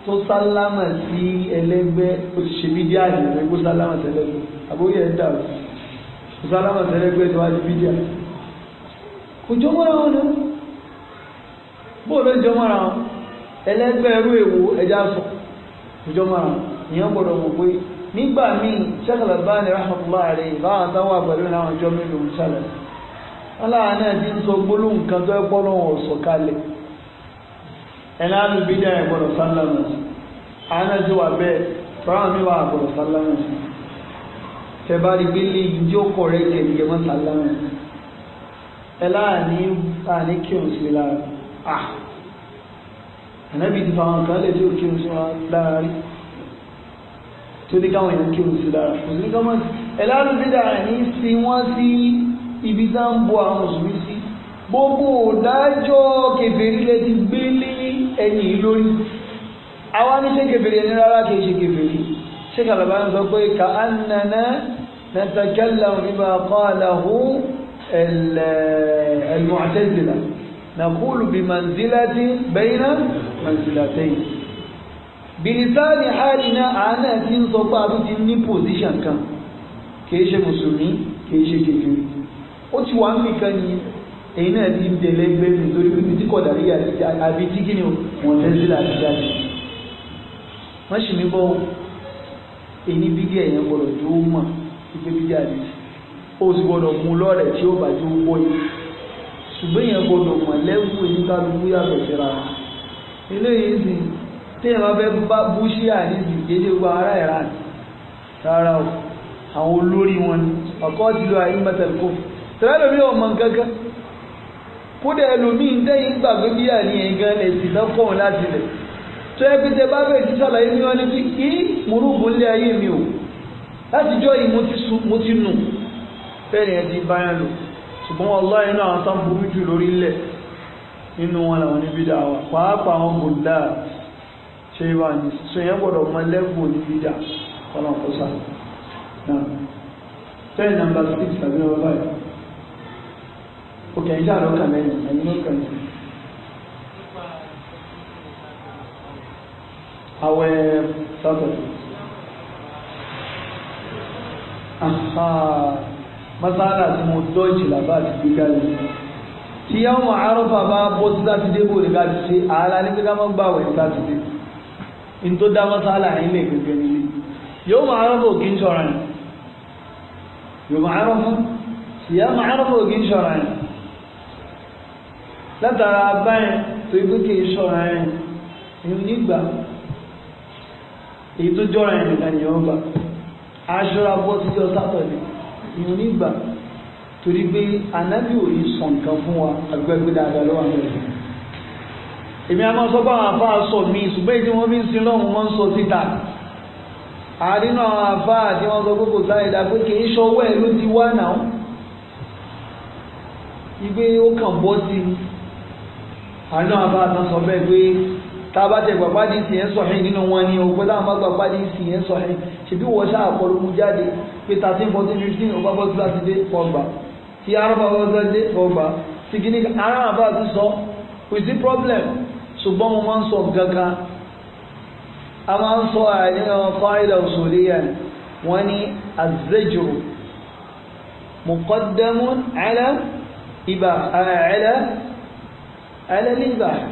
Speaker 2: tó sálámà sí ẹlẹ́gbẹ́ ó ti ṣe bídíà ìrẹ̀lẹ́ kó sálámà sẹ́lẹ́gbẹ́ àbórí ẹ̀ ń dà ó sálámà sẹ́lẹ́gbẹ́ tó wá di bídíà kò jọ mọ́ra wọn náà bóòlù ń jọ mọ́ra wọn ẹlẹ́gbẹ́ ẹrú èwo ẹja sọ kò jọ mọ́ra wọn ìyẹn gbọ́dọ̀ mọ̀ pé nígbà míì sẹ́kàlà bá ní rahmatullahi alayhi báwọn táwọn àgbàdo náà wọn jọ mélòó sálẹ̀ wọn láàánú ẹ̀ ti ń sọ gbólóhùn kan tó ẹ ẹ̀lá àlùbídà ẹ̀gbọ́dọ̀ sálámù àánájú wà bẹ́ẹ̀ fọ́nrán mi wà àgbọ̀dọ̀ sálámù tẹ̀bárí gbélé ìdí ó kọ̀ rẹ̀ kẹ̀ ìjẹmọ́ sálámù ẹ̀lá àní àní kírun sí lára à ànábì ti fa àwọn kan lè tí ó kírun sí wa lára rí tó ní káwọn èèyàn kírun sí lára kò ní káwọn ẹ̀lá àlùbídà ẹ̀ní sí wọ́n sí ibi tá ń bọ àwọn mùsùlùmí sí gbogbo òdájọ́ kèfèrí lẹ ti gbé lé ẹ̀yìn lórí àwa ní ṣé kèfèrí ẹni rárá kì í ṣe kèfèrí ṣé kàlàbà ń sọ pé ka annana natakallamu bima qalahu al-mu'tazila naqulu bimanzilati bayna manzilatayn bìrìtánì àìrìnà àánà tí ń sọ pé àbí ti ní pòsíṣàn kan kìí ṣe mùsùlùmí kìí ṣe kèfèrí ó ti wà ń nìkan yìí èyí náà ti tẹ̀lé gbèrè lórí pípi tí kọ̀dàrí àbí tí kí ni wọ́n tẹ́sí láti jáde wọ́n sì ní bọ́ èyí bídí ẹ̀yẹn gbọ́dọ̀ tó mọ̀ pípé bídí àdìsí ó sì mú tí ó yìí síra eléyìí sì bá bú sí àdìsí gba rárá o àwọn olórí wọn ni ọkọ ti lo àyè tẹlẹ lómi ọmọ kódà ẹlòmíín tẹ́yìn gbàgbé bí àníyàn gan lè sì náà kọ́ wọn láti lẹ̀ tó yẹ pé tẹ bá bẹ̀rẹ̀ sí sàlàyé ní wọn ní bí kí mùrùbù ńlẹ̀ ayé mi o láti jọ yìí mo ti nù bẹ́ẹ̀ yẹn ti bá yẹn lò ṣùgbọ́n wallahi inú àwọn tán burú jù lórí ilẹ̀ nínú wọn làwọn níbi dà wà pàápàá wọn kò dáa ṣe ìwà ní sọ yẹn gbọ́dọ̀ mọ lẹ́gbò níbi dà kọ́nà kọ́sà náà ten number six àbí ọba yìí òkè ìjà ló kàn lẹ́yìn ẹ̀yìn ló kàn lẹ́yìn. àwẹ̀ sọ́tọ̀ masala tí mo dọ́jì làbá àti gbígbá yìí tí yàwọn mọ̀ àrọ́fà bá bọ́ sí sátidé bò nígbà tí ṣe ààlà ní pé ká máa ń gbà wẹ̀ sátidé in tó dá masala yìí lè gẹ́gẹ́ nílé yóò mọ̀ àrọ́fà òkè ń ṣọ̀rọ̀ ni yóò mọ̀ àrọ́fà látara báyìí tó ibi kì í ṣọ́ra ẹ̀ nígbà èyí tó jọra ẹ̀ nìkan ni ọba aṣọra bọ́ sí ọjọ́ sátọ̀dẹ̀ ìhun nígbà torí pé anábì ò ní sọ nǹkan fún wa agbẹ́gbẹ́ dáadáa lọ́wọ́ àwọn ẹ̀sìn èmi a máa sọ bá àwọn àfáà sọ mí ṣùgbọ́n èyí tí wọ́n fi ń sin lọ́hùn wọ́n ń sọ síta àrínú àwọn àfáà tí wọ́n sọ gbogbo sáà ìdá pé kì í ṣọwọ́ ẹ̀ ló ti wá náà ìgbé ó kàn bọ́ sí i àná àbá àtàn sọ bẹ́ẹ̀ pé tá a bá tẹ gbàgbá di ìsìn yẹn sọ̀hìn nínú wọn ni òpin táwọn bá gbàgbá di ìsìn yẹn sọ̀hìn ṣèbí wọ́n ṣáà kọlu mu jáde pé thirteen fourteen fifteen ọba bọ́ sílá ti dé kọgbà tí arọ́bà bọ́ sílá ti dé kọgbà tí kìíní ará ti sọ kò sí problem ṣùgbọ́n mo máa ń sọ gangan a máa ń sọ àìníyàn fáìlà òṣòlíyà wọ́n ní azẹ́jùrù mùkọ́dẹ́mù ẹ̀lẹ́ ibà ẹ̀lẹ́ على الإباحة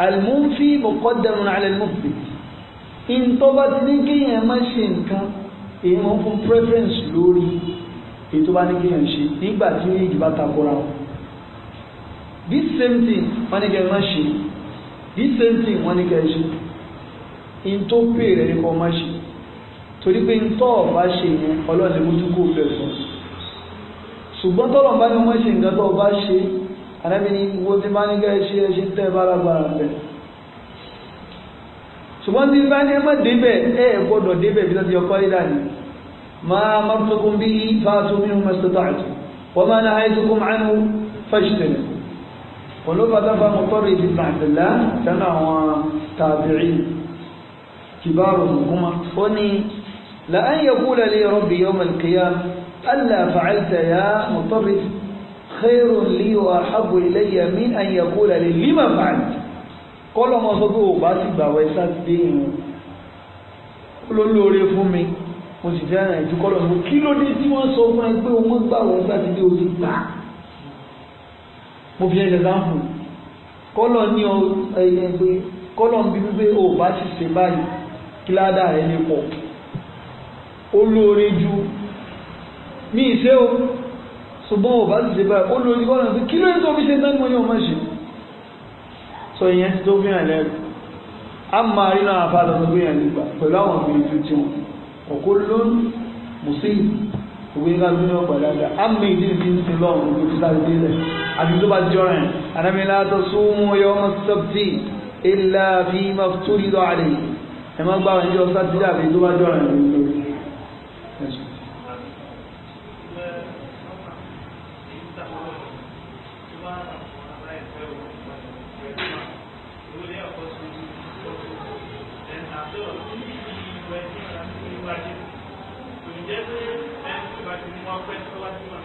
Speaker 2: المنفي مقدم على المثبت إن طبت لك يا ماشينك èèmọ̀ fún preference lórí ètò bá ní kéèyàn ṣe nígbà tí méjì bá takora wọn this same thing wọ́n ní kẹ́ má ṣe this same thing wọ́n ní kẹ́ ṣe in tó pè rẹ̀ ní kọ́ má ṣe torí pé in tọ́ ọ̀bá ṣe yẹn ọlọ́ọ̀lẹ́mú tó kó fẹ́ fún ṣùgbọ́n tọ́lọ̀ bá ní wọ́n ṣe nǹkan tó ọba ṣe ànábì ní wo ti máa ní ká ẹ ṣe ẹ ṣe tẹ́ ẹ bá lágbára bẹ̀. ṣùgbọ́n tí bá ní ẹ má débẹ̀ ẹ gbọ́dọ̀ débẹ̀ bí wọ́n ti ọkọ yìí dání. máa má tukun bí fáṣọ mi ò má ṣe tó àjù wọ́n máa ní àyè tukun àánú fẹ́ṣitẹ̀. olóògbé àtàfà mọ̀tọ́rọ̀ li rabbi yawm al-qiyam alla fa'alta ya mutarrif خير لي وأحب إلي من أن يقول لي لما فعلت kọ́ lọ́mọ sọ pé òun bá ti gbàwẹ̀ sátidé yìí ó ló lóore fún mi mo sì fẹ́ràn ìjú kọ́ lọ́mọ kí ló dé tí wọ́n sọ fún ẹ pé wọ́n gbàwẹ̀ sátidé o ti gbà mo fi ẹ̀jẹ̀ sáfù kọ́ lọ ní ẹ̀yẹ pé kọ́ lọ́mọ bíbí pé òun bá ti ṣe báyìí kí ládà rẹ̀ pọ̀ ó lóore ju mí ìṣe o ṣùgbọ́n ò bá ṣe báyìí ó lórí kọ́nà pé kí ló ń tó fi ṣe tán mo yóò má ṣe sọ ìyẹn ti tó fi hàn lẹ́rù a máa rí náà àfa lọ́sọ gbé yẹn nígbà pẹ̀lú àwọn ìgbìyànjú tí wọn ọ̀kọ́ lónìí mùsílì òwe ká ló ní ọgbà dáadáa a mú ìdí ìdí ń sin lọ́rùn ló fi sáré délẹ̀ àti tó bá jọra yẹn anamílá tó súnmú yọ ilà fi máa tó lílọ àlè ẹ̀ má gbà wọn jọ sátidé àbí tó bá jọra yẹn lórí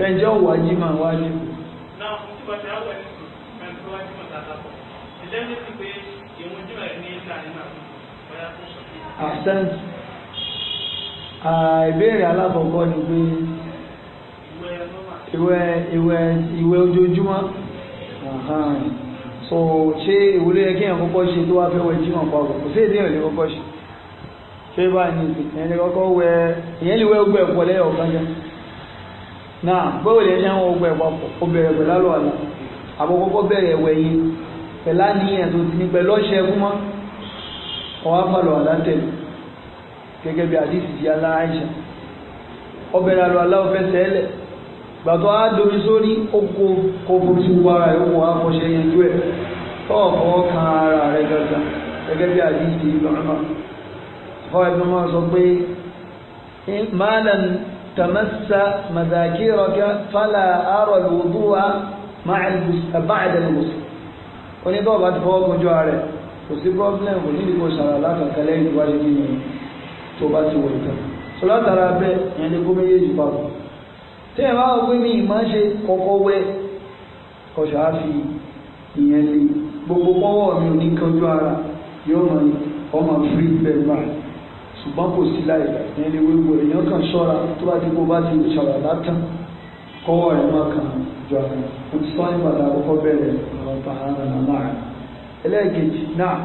Speaker 1: fẹjọ wà jí máa wá ní. absent
Speaker 2: ìbéèrè alákọ̀ọ́kọ́ ni pé ìwẹ̀ ìwẹ̀ ìwẹ̀ ojoojúmọ́ so ṣé ìwúlò yẹ kí èèyàn kọ́kọ́ ṣe tó wá fẹ́ wẹ̀ jímọ̀ papọ̀ kò sí èdè èèyàn lè kọ́kọ́ ṣe ṣé báyìí ní ìsìn èèyàn lè kọ́kọ́ wẹ̀ èèyàn lè wẹ̀ gbẹ̀ pọ̀ lẹ́yọ̀ ọ̀kan jẹ́ náà bọ́wọ́ lè ṣe ń wọ́n gbẹ̀wọ̀ kò bẹ̀rẹ̀ pẹ̀lú àlọ́ àlọ́ àkọ́kọ́ bẹ̀rẹ̀ ẹ̀wẹ̀ yìí pẹ̀lá ní ẹ̀tọ́ ti ní pẹ̀lú ọ̀ṣẹ́ ẹkú mọ́ ọwọ́ àpàlọ́ àlátẹ̀lẹ̀ gẹ́gẹ́ bí àdìsí di aláàṣà ọbẹ̀rẹ̀ àlọ́ àlá ọ̀fẹ́ sẹ́lẹ̀ gbàtọ́ á domi sórí oko kò forí gbogbo ara yòókù wá fọṣẹ yanjú ẹ̀ tọ́ọ̀fọ́ تمس مذاكيرك فلا أرى الوضوء مع بعد الغسل oni tó o bá ti fọwọ́ kojú ààrẹ kò sí problem kò ní ìdíkò sàrà alákàkà lẹ́yìn tó bá ṣe kíni tó bá ti wọ ìtàn so látara bẹ ẹni ní kó méjèèjì papọ̀ tí ẹ bá wọ pé mi ìmọ̀ ṣe kọ́kọ́ wẹ ọ̀ṣà á fi ìyẹn lé gbogbo pọ́wọ́ mi ò ní kojú ara yóò mọ ọmọ free bed báyìí ṣùgbọ́n kò sí láì ní ilé wíwo èèyàn kan ṣọ́ra tó bá ti kó bá ti ṣàrà látàn kọ́wọ́ rẹ̀ má kan jọ àwọn mo ti sọ nípa tá a kọ́kọ́ bẹ̀rẹ̀ ọ̀rọ̀ tààrà nà máa rẹ̀ ẹlẹ́ẹ̀kejì náà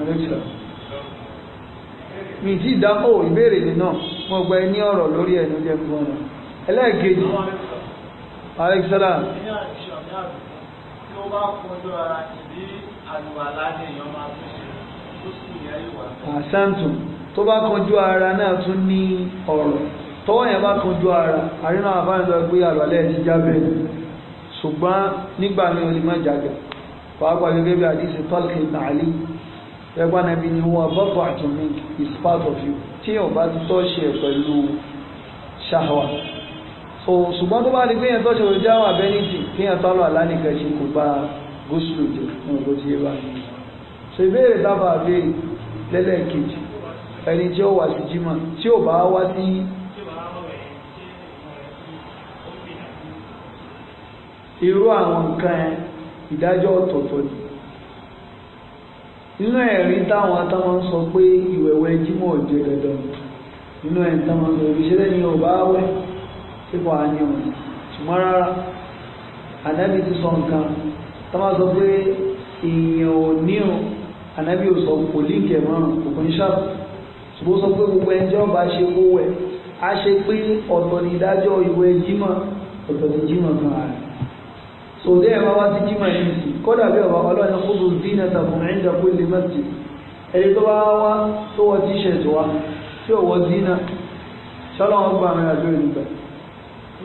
Speaker 2: alexa mi ti dáhùn ìbéèrè mi náà mo gba ẹ ọ̀rọ̀ lórí ẹ̀ jẹ́ fún ọ̀nà ẹlẹ́ẹ̀kejì alexander
Speaker 1: tí ó bá kún lọ́ra ìdí àlùwàlá ni èèyàn máa fi
Speaker 2: àṣàǹtù tó bá kanjú ara náà tún ní ọ̀rọ̀ tọ́wọ́ yẹn bá kanjú ara àrínà àbáyọ̀ lọ pé àlọ́lẹ̀ ti jábẹ́ ṣùgbọ́n nígbà mi ò lè má jágẹ̀ pàápàá gẹ́gẹ́ bí àdíṣe tọ́lkì nàálí ẹgbà nàbí ni wọ́n bọ́pọ̀ àtúnmí is part of you tí yóò bá tọ́ṣe pẹ̀lú ṣáhàwà so ṣùgbọ́n tó bá rí pé yẹn tọ́ṣe pẹ̀lú jáwà bẹ́nìtì kí yẹn tọ́lọ̀ àlánìkẹ́ ṣe kò bá gúúsù jù fún ọgbọ́n tí yẹ bá ní so ìbéèrè dábàá béèrè lẹ́lẹ́kejì ẹni tí ó wà sí jimá tí ò bá wá sí irú àwọn nǹkan ẹ ìdájọ́ ọ̀tọ̀ọ̀tọ̀ ni nínú ẹ̀rí táwọn atáwọn ń sọ pé ìwẹ̀wẹ̀ jímọ̀ òjò dandan nínú ẹ̀rí táwọn sọ pé ṣẹlẹ̀ ọba awẹ́ tí kò á ní ọ̀nà ṣùgbọ́n rárá ànábì ti sọ nǹkan táwọn sọ pé èèyàn ò ní ọ̀nà anabi ò sọ kò líǹkì ẹ̀ mọ́ràn kò kún ṣáàpù ṣùgbọ́n sọ pé gbogbo ẹjọ́ bá ṣe kó wẹ̀ á ṣe pé ọ̀tọ̀ ní ìdájọ́ ìwé jímọ̀ ọ̀tọ̀ ní jímọ̀ kan rẹ̀ sòdẹ́ ẹ̀ bá wá sí jímọ̀ yìí sí kódà bí ọ̀bà ọlọ́run kó tó dín náà tàbí ẹ̀ ń dàkú ilé mẹ́sì ẹni tó bá wá tó wọ t-shirt tí ò wọ dín náà ṣọlọ́wọ́n gba àmì àjọ ìlúgbà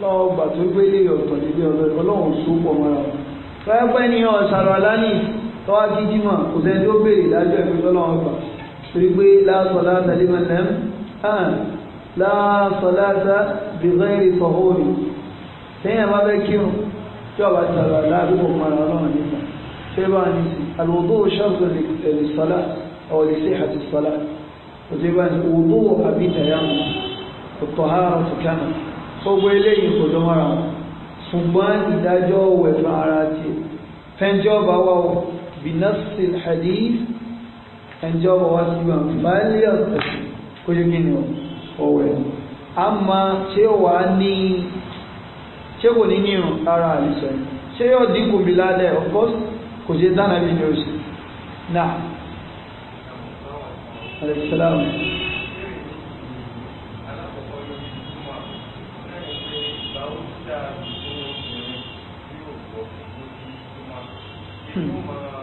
Speaker 2: lọ́wọ́ gbà tó gbélé ọ̀tọ̀ tọ́wá gidi mọ̀ kò sẹ́ni tí ó béèrè ìdájọ́ ìpín tọ́lọ́wọ́n gbà torí pé láàsọ̀lá tàlímọ̀ nẹ́m láàsọ̀lá tá bìgẹ́rì sọ̀hóòrì sẹ́yìn àbá fẹ́ kírun tí ọba ti sọ̀rọ̀ láàbíkò mara ọlọ́run nípa ṣé bá ní sí alwudu shartu lìsọ́lá aw li sihhati sọ́lá kò sí bá ní wudu àbí tẹ̀yàmù kò tọ̀hárà fùkánà gbogbo eléyìí kò jọ mara wọn ṣùgbọ́n ìdájọ́ wẹ̀ fún ara tiẹ̀ fẹ́ńtì ọba wà wọ̀ بنص الحديث أن جاب واسما فليغتسل كل جنو هو أما شيء واني ṣé kò ní ní ara àìsàn ṣé yóò dínkù bí ládẹ of course kò ṣe dáná bí ní oṣù náà
Speaker 1: alẹ́sàlámù. Hmm.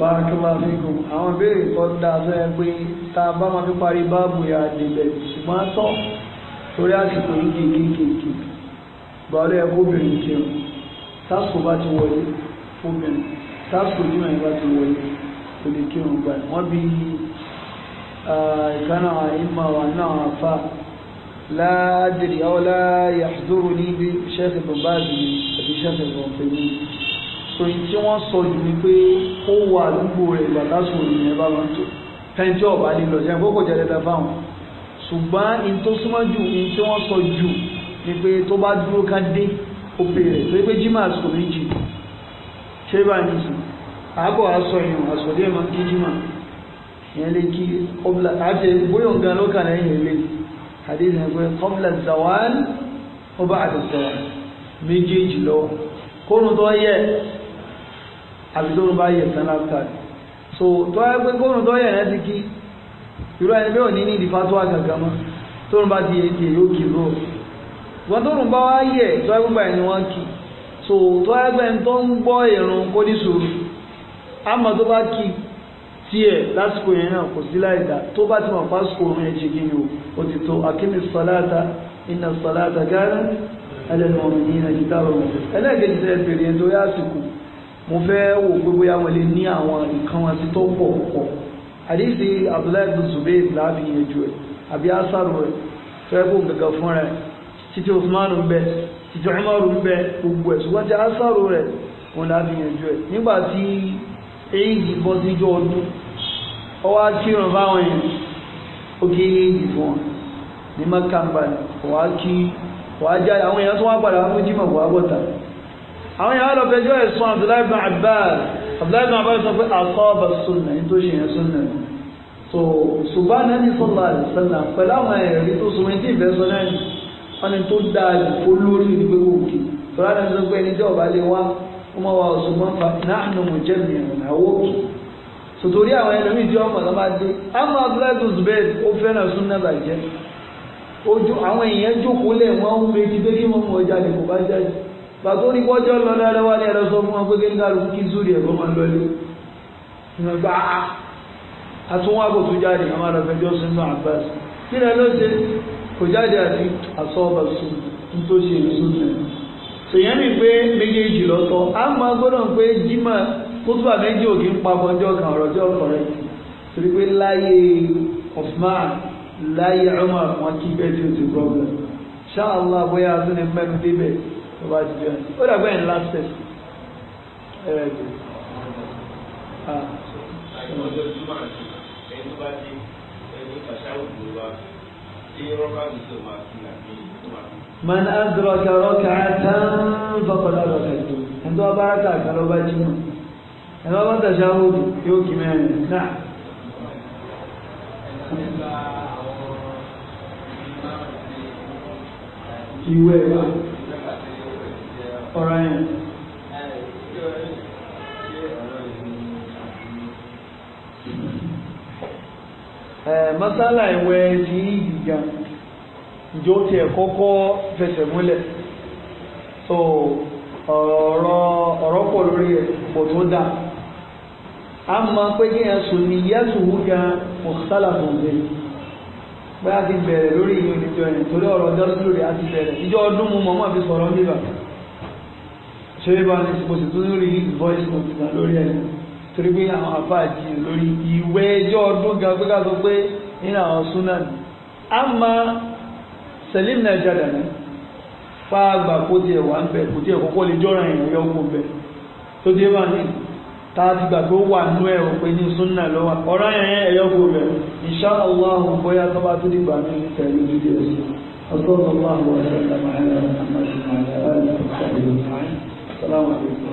Speaker 2: bárakílá fíkùn àwọn ìbéèrè tó dáa tó yẹ pé tá a bá máa fi parí báàbù ya débẹ̀ ṣùgbọ́n tọ́ torí àsìkò yìí kéékèèké gbọ́dọ̀ ẹ kóbìnrin jẹun tásìkò bá ti wọlé fóbìnrin tásìkò jìnnà yìí bá ti wọlé kò lè kírun gbà wọ́n bí ìkànnà ìmọ̀ wà náà àfa láàdìrí àwọn láàyè àdúró ní bí sẹ́ẹ̀sì bàbá àbí sẹ́ẹ̀sì bàbá so yìí tí wọ́n sọ yìí ni pé ó wà àdúgbò rẹ̀ ìgbà lásìkò ìyẹn bá wọn tó fẹ́ntì ọ̀bá lílọ jẹ́ kókò jẹ́ dẹ́dẹ́ fáwọn ṣùgbọ́n in tó súnmọ́ jù in tí wọ́n sọ jù ni pé tó bá dúró ká dé ó bèrè pé pé jimá àsìkò méjì ṣé bá ní sùn àbọ̀ aṣọ ìrìn àsìkò díẹ̀ máa kí jimá ìyẹn lè kí ọbla àti bóyá nǹkan ló lẹ́yìn ilé àdéhùn ẹgbẹ́ ọbla zawal ọba àti méjèèjì lọ kórun tó yẹ àbí tó ń bá yẹ̀ tán láfíà so tó yẹ pé gómìnà tó yẹ̀ yẹn ti kí irú ẹni bẹ́ẹ̀ ò ní ní ìdí fatuwa gàgà mọ́ tó ń bá ti yẹ yóò kì í rò tó ń bá wá yẹ̀ tó yẹ pé ẹni wọ́n kì so tó yẹ pé ẹni tó ń gbọ́ ìrun kó ní sùúrù àmọ́ tó bá kì tiẹ̀ lásìkò yẹn náà kò sí láì dá tó bá ti mọ̀ pásìkò òun ẹ̀ ṣe kí ni o ó ti tó akínní sọláta iná sọláta gáárà ẹlẹ́nu ọ̀mìnira ìdárò ẹlẹ́gẹ̀ẹ́jì tẹ́ bèrè ẹ̀ tó yá àsìkò mo fẹ́ wò pé bóyá lè ní àwọn nǹkan tó pọ̀ pọ̀ àbí fẹ́ kó fún títí ń bẹ títí ń bẹ gbogbo ẹ̀ ṣùgbọ́n tí asaro rẹ̀ wọn láàbì yẹn ju nígbà tí èyí bọ́ síjọ́ ọdún ọwọ́ akírun báwọn yẹn ó kí èyí fún wọn ní kí jáde àwọn èèyàn tó wá padà àwọn yàrá lọ fẹjọ́ ẹ̀sùn Abdullahi bin Abbas Abdullahi bin Abbas sọ pé àkọ́ọ̀bà súnà ní tó ṣe yẹn súnà ní so ṣùgbọ́n náà ní sọ́lá àdìsẹ́là pẹ̀lú àwọn ẹ̀rí tó sọmọ tí ìfẹ́ sọ náà wọn ni tó dáa lè fó lórí ní pé kò kì tọ́lá náà sọ pé ẹni tí ọba lè wá ó máa wá ọ̀sùn mọ́ fa náà nù mọ̀ jẹ́ mi ẹ̀rùn sòtòrí àwọn ẹlòmíì tí ọmọ náà bá dé àmọ́ Abdullahi bin Zubair ó fẹ́ràn súnà bàjẹ́ àwọn èèyàn jókòó lẹ̀ wọ́n ń retí pé kí wọ́n mú ọjà lè kó bá jáde gbàtó ní kọjọ́ lọ dáadáa wá ní ẹ̀rọ sọ fún wọn pé kéńkà ló kí zúrì ẹ̀gbọ́n máa lọ ilé ìwọ̀n gbà á àtúnwá kò tó jáde àwọn àràfẹ́jọ́ sínú àbáṣe kí ni ẹ ló ṣe kò jáde àti àsọ́ọ̀bà sùn tó ṣe ìsún rẹ̀ ṣèyàn ní pé méjèèjì lọ́tọ̀ a máa gbọ́dọ̀ pé jimá kótóbà méjì òkè ń pa bọ́njọ́ kan ọ̀rọ̀jọ́ ọ̀rẹ́ torí pé láyé Osman láyé Umar wọn kí bẹ́ẹ̀ tí ó ti problem ṣáà Allah bóyá a tún débẹ̀ tó bá ti jẹun ó dàgbà ẹ̀ ńlá ṣẹ̀
Speaker 1: ẹ̀rẹ̀ jù. ọjọ́ jùmọ̀ àti ẹni tó bá dé ẹni pàṣẹwò ló wá sí rọ́bà mi tó máa fi àbí tó máa fi. من أدرك ركعة فقد
Speaker 2: أدرك الجمعة عندما بارك أكبر بجمع عندما بارك تشاهد يوكي مين
Speaker 1: ìwé wa ọ̀rọ̀ yẹn.
Speaker 2: masala ìwẹ̀ ti ìgbìgà ìjọ tí ẹ̀ kọ́kọ́ fẹsẹ̀ múlẹ̀ so ọ̀rọ̀ pọ̀ lórí ẹ̀ pọ̀ tó dáa a máa pé kí ẹ̀ sùn ní yẹ́sùwú gan mọ̀sálà fòǹdé pé a ti bẹ̀rẹ̀ lórí ìyọ̀nìjọ ẹ̀ torí ọ̀rọ̀ dọ́sílórí a ti bẹ̀rẹ̀ ìjọ ọdún mu mọ̀mọ́ fi sọ̀rọ̀ níbà ṣé bá ní mo sì tún rí voice note lórí ẹ̀ torí pé àwọn àfáàjì lórí ìwé ẹjọ́ ọdún gan pé ká sọ pé nínú àwọn súnà ni àmà Salim Najada ni fáàgbà kó tiẹ̀ wà ń bẹ kó tiẹ̀ kọ́kọ́ lè jọ́ra kó bẹ tó dé ní wà nú ẹ̀ ní súnà lọ́wọ́ ọ̀rọ̀ kó bẹ Allah tó bá tó gbà
Speaker 1: السلام عليكم